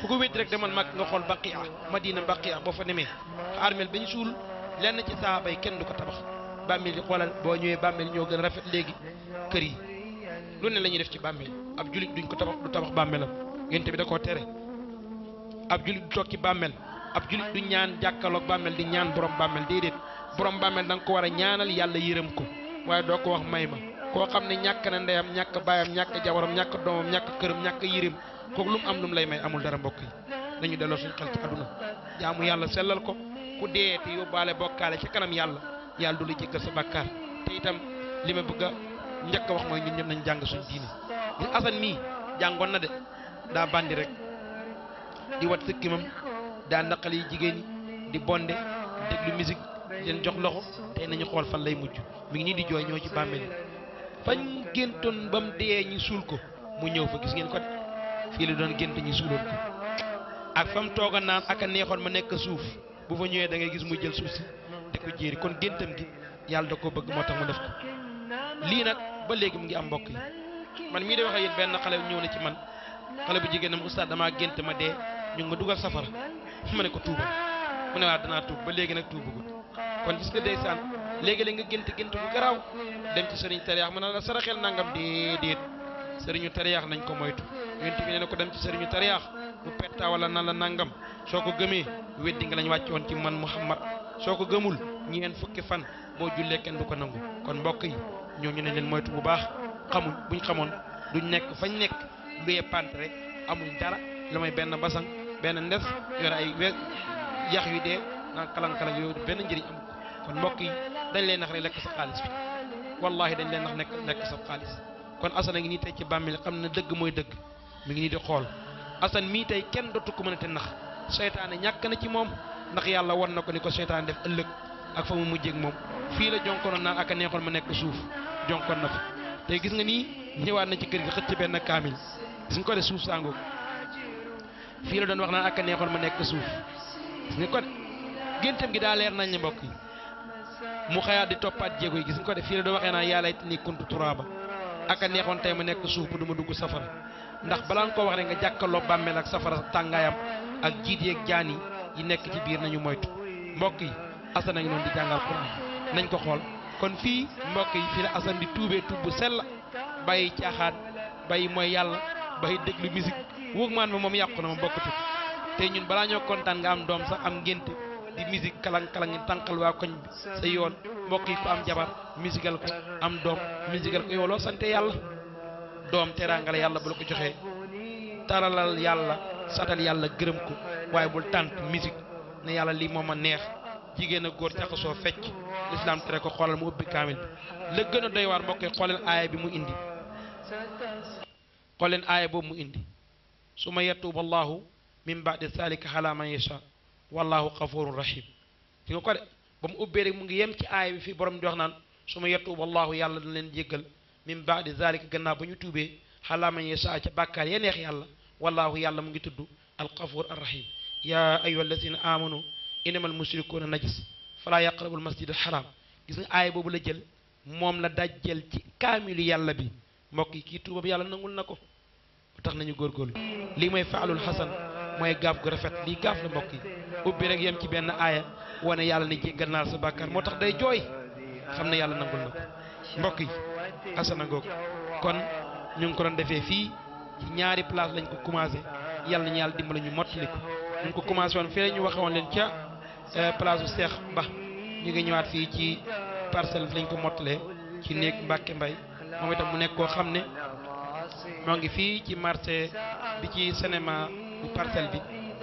ku ko wéet rek demal mag nga xool baqiya madina baqiya boo fa nemee armeel bañ suul lenn ci saaba yi kenn du ko tabax bàmmeel yi xoolal boo ñëwee bàmmeel ñoo gën rafet léegi yi lu ne la ñuy def ci bàmmeel ab jullit duñ ko tabax du tabax bàmmeelam yonent bi da koo tere ab jullit du toog ci bàmmeel ab jullit du ñaan jàkkaloog bàmmeel di ñaan borom bàmmeel déedéet borom bàmmeel da nga ko war a ñaanal yàlla yërëm ko waaye doo ko wax may ma koo xam ne ñàkk na ndeyam ñàkk baayam ñàkk jabaram ñàkk doomam ñàkk këram ñàkk yërëm kooku lu mu am lu mu lay may amul dara mbokk yi nañu delloo suñu xel ci àdduna jaamu yàlla sellal ko ku dee te ci kanam yàlla yàlla du la jéggal njëkk wax mooy ñun ñëpp nañu jàng suñ diine gis asan mii jàngoon na de daa bandi rek di wat sëkkimam daa naqal yi jigéen ñi di bonde déglu musique leen jox loxo tey nañu xool fan lay mujj mi ngi nii di jooy ñoo ci bàmmeel fañ géntoon ba mu dee ñu suul ko mu ñëw fa gis ngeen ko fii la doon gént ñu suuloon ko ak fa mu toog a naan ak a neexoon ma nekk suuf bu fa ñëwee da ngay gis mu jël suuf si di ko jéeri kon géntam gi yàlla da koo bëgg moo tax mu def ko lii nag ba léegi mu ngi am mbokk yi man mii de wax ak benn xale ñëw na ci man xale bu jigéen na ma oustaz damaa gént ma dee ñu ngi ma dugal safara ma ne ko tuubal mu ne waa danaa tuub ba léegi nag tuubagul kon gis nga ndeysaan léegi-léeg nga gént gént bu garaaw dem ci sëriñ tariyaax mu ne la saraxel nangam déedéet sëriñu tariyaax nañ ko moytu yonent bi ne na ko dem ci sëriñu tariyaax mu petta wala nan la nangam soo ko gëmee weddi nga lañ wàccoon ci man Muhammad soo ko gëmul ñeent fukki fan boo jullee kenn du ko nangu kon mbokk yi ñoo ñu ne leen moytu bu baax xamuñ buñ xamoon duñ nekk fa ñu nekk luyee pant rek amuñ dara lu may benn basang benn ndes yore ay we yax yu dee naan kalan-kalan yooyu benn njëriñ amul kon mbokk yi dañ leen nax rek lekk sa xaalis bi wallahi dañ leen nax nekk lekk sa xaalis kon asan a ngi nii tey ci bàmmeel xam ne dëgg mooy dëgg mu ngi nii di xool asan mii tey kenn dootu ko mën a te nax seytaane ñàkk na ci moom ndax yàlla war na ko ni ko seytaane def ëllëg ak fa mu mujjee ak moom fii la jonkonoon naan ak a ma nekk suuf jonkoon na fa tey gis nga nii ñëwaat na ci kër gi xëcc benn kaamil gis nga ko de suuf sàngoog fii la doon wax naan ak a ma nekk suuf gis nga ko de géntam gi daa leer nañ ne mbokk yi mu xayaat di toppaat jéego yi gis nga ko de fii la doon waxee naan yàlla it ni kuntu turaaba ak a neexoon tey ma nekk suuf bu du ma dugg safara ndax balaa nga ko wax rek nga jàkkaloo bàmmeel ak safara tàngaayam ak jiit yeeg jaan yi nekk ci biir nañu moytu mbokk yi Assane a ngi di jàngal Quran nañ ko xool kon fii mbokk yi fii la Assane di tuubee tuub bu sell bàyyi caaxaan bàyyi mooy yàlla bàyyi déglu musique wóog maan moom yàqu na bokk bokkatu te ñun balaa ñoo kontaan nga am doom sax am ngénte di musique kalang-kalang ngi tànqal waa koñ bi sa yoon mbokk yi ko am jabar musical ko am doom musical ko yow sante yàlla doom teraanga yàlla bu la ko joxee taralal yàlla satal yàlla gërëm ko waaye bul tànt musique ne yàlla lii moom a neex jigéen ak góor jaxasoo fecc lislaam tere ko xoolal mu ubbi kaamil bi la gën a doy waar mbokk yi xooleen aaya bi mu indi xooleen aaya boobu mu indi su ma yatuuba allahu min baadi zalika ala man yasha wallahu gafurun rahim fi nga ko de ba mu ubbee rek mu ngi yem ci aaya bi fii borom di wax naan su ma yatuuba allahu yàlla dana leen jéggal min baadi zalika gannaaw ba ñu tuubee ala man yasha ca bàkkaar ya neex yàlla wallahu yàlla mu ngi tudd al gafuur ar rahim inamal mushrikuuna najis falaa yaqrabul masjid al haram gis nga aaya boobu la jël moom la dajjel ci kaamilu yàlla bi mbokk yi kii tuubam yàlla nangul na ko mu tax nañu góorgóorlu lii mooy faalul xasan mooy gaaf gu rafet lii gaaf la mbokk yi ubbi rek yem ci benn aaya wane yàlla ne jéggal naa sa bàkkan moo tax day jooy xam na yàlla nangul na ko mbokk yi xasana ngoog kon ñu ngi ko doon defee fii ci ñaari place lañ ko commencé yàlla nañu yàlla dimbali ñu mottali Euh, place bu Seex Ba ñu ngi ñëwaat fii ci parcelle bi lañ ko mottalee ci néeg Mbàkke Mbay moom itam mu nekk koo xam ne moo ngi fii ci marché bi ci cinéma bu parcelle bi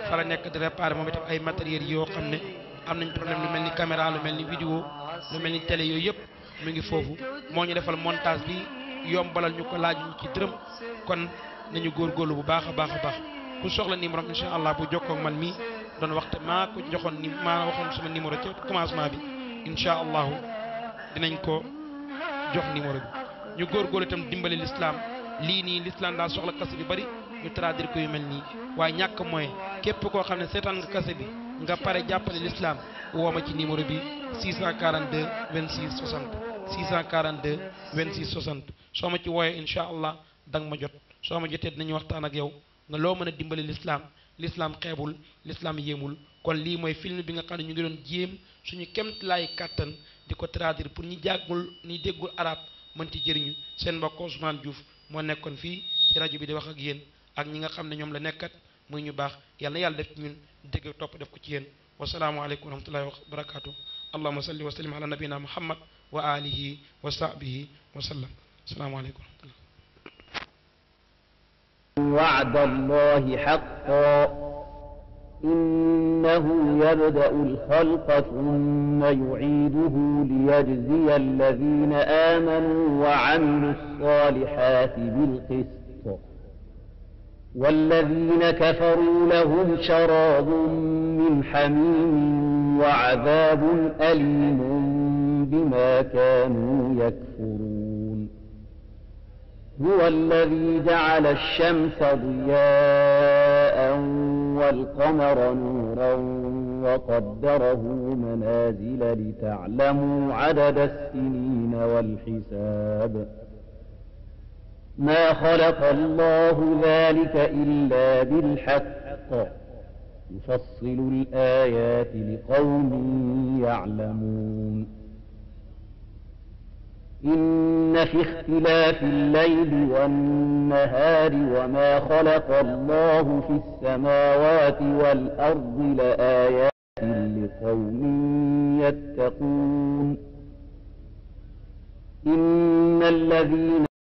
fa la nekk di réparer moom itam ay matériel yoo xam ne am nañ problème lu mel ni caméra lu mel ni vidéo lu mel ni télé yooyu yëpp mu ngi foofu moo ñu defal montage bi yombalal ñu ko laaj ñu ci dërëm kon nañu góor góorgóorlu bu baax a baax a baax ku soxla numéro incha allah bu jokkoo ak man mii doon waxte maa ko joxoon ni maa waxoon sama numéro ci commencement bi incha allahu dinañ ko jox numéro bi ñu góor góorgóorlu itam dimbali lislaam lii nii lislaam daa soxla kase bi bari ñu traduire ko yu mel nii waaye ñàkk mooy képp koo xam ne seetaan nga kase bi nga pare jàppale lislaam woo ma ci numéro bi 642 26 60 642 26 60 soo ma ci wooyee incha allah danga ma jot soo ma jotee dinañu waxtaan ak yow nga loo mën a dimbali lislaam lislaam xeebul lislaam yéemul kon lii mooy film bi nga xam ne ñu ngi doon jéem suñu kemtalaay kàttan di ko traduire pour ñi jàggul ñi déggul araab mën ci jëriñu seen mbokk Ousmane Diouf moo nekkoon fii ci rajo bi di wax ak yéen ak ñi nga xam ne ñoom la nekkat muy ñu baax yàlla yàlla def ci ñun dégg topp def ko ci yéen wasalaamu aleykum wa rahmatullahi wa barakaatu allahuma salli wa sallim ala nabina muhammad wa alihi wa sahbihi wa sallam asalaamu aleykum وعد الله حقا إنه يبدأ الخلق ثم يعيده ليجزي الذين آمنوا وعملوا الصالحات بالقسط والذين كفروا لهم شراب من حميم وعذاب أليم بما كانوا يكفرون هو الذي جعل الشمس ضياء والقمر نورا وقدره منازل لتعلموا عدد السنين والحساب ما خلق الله ذلك إلا بالحق يفصل الآيات لقوم يعلمون إن في اختلاف الليل والنهار وما خلق الله في السماوات والأرض لآيات لقوم يتقون إن الذين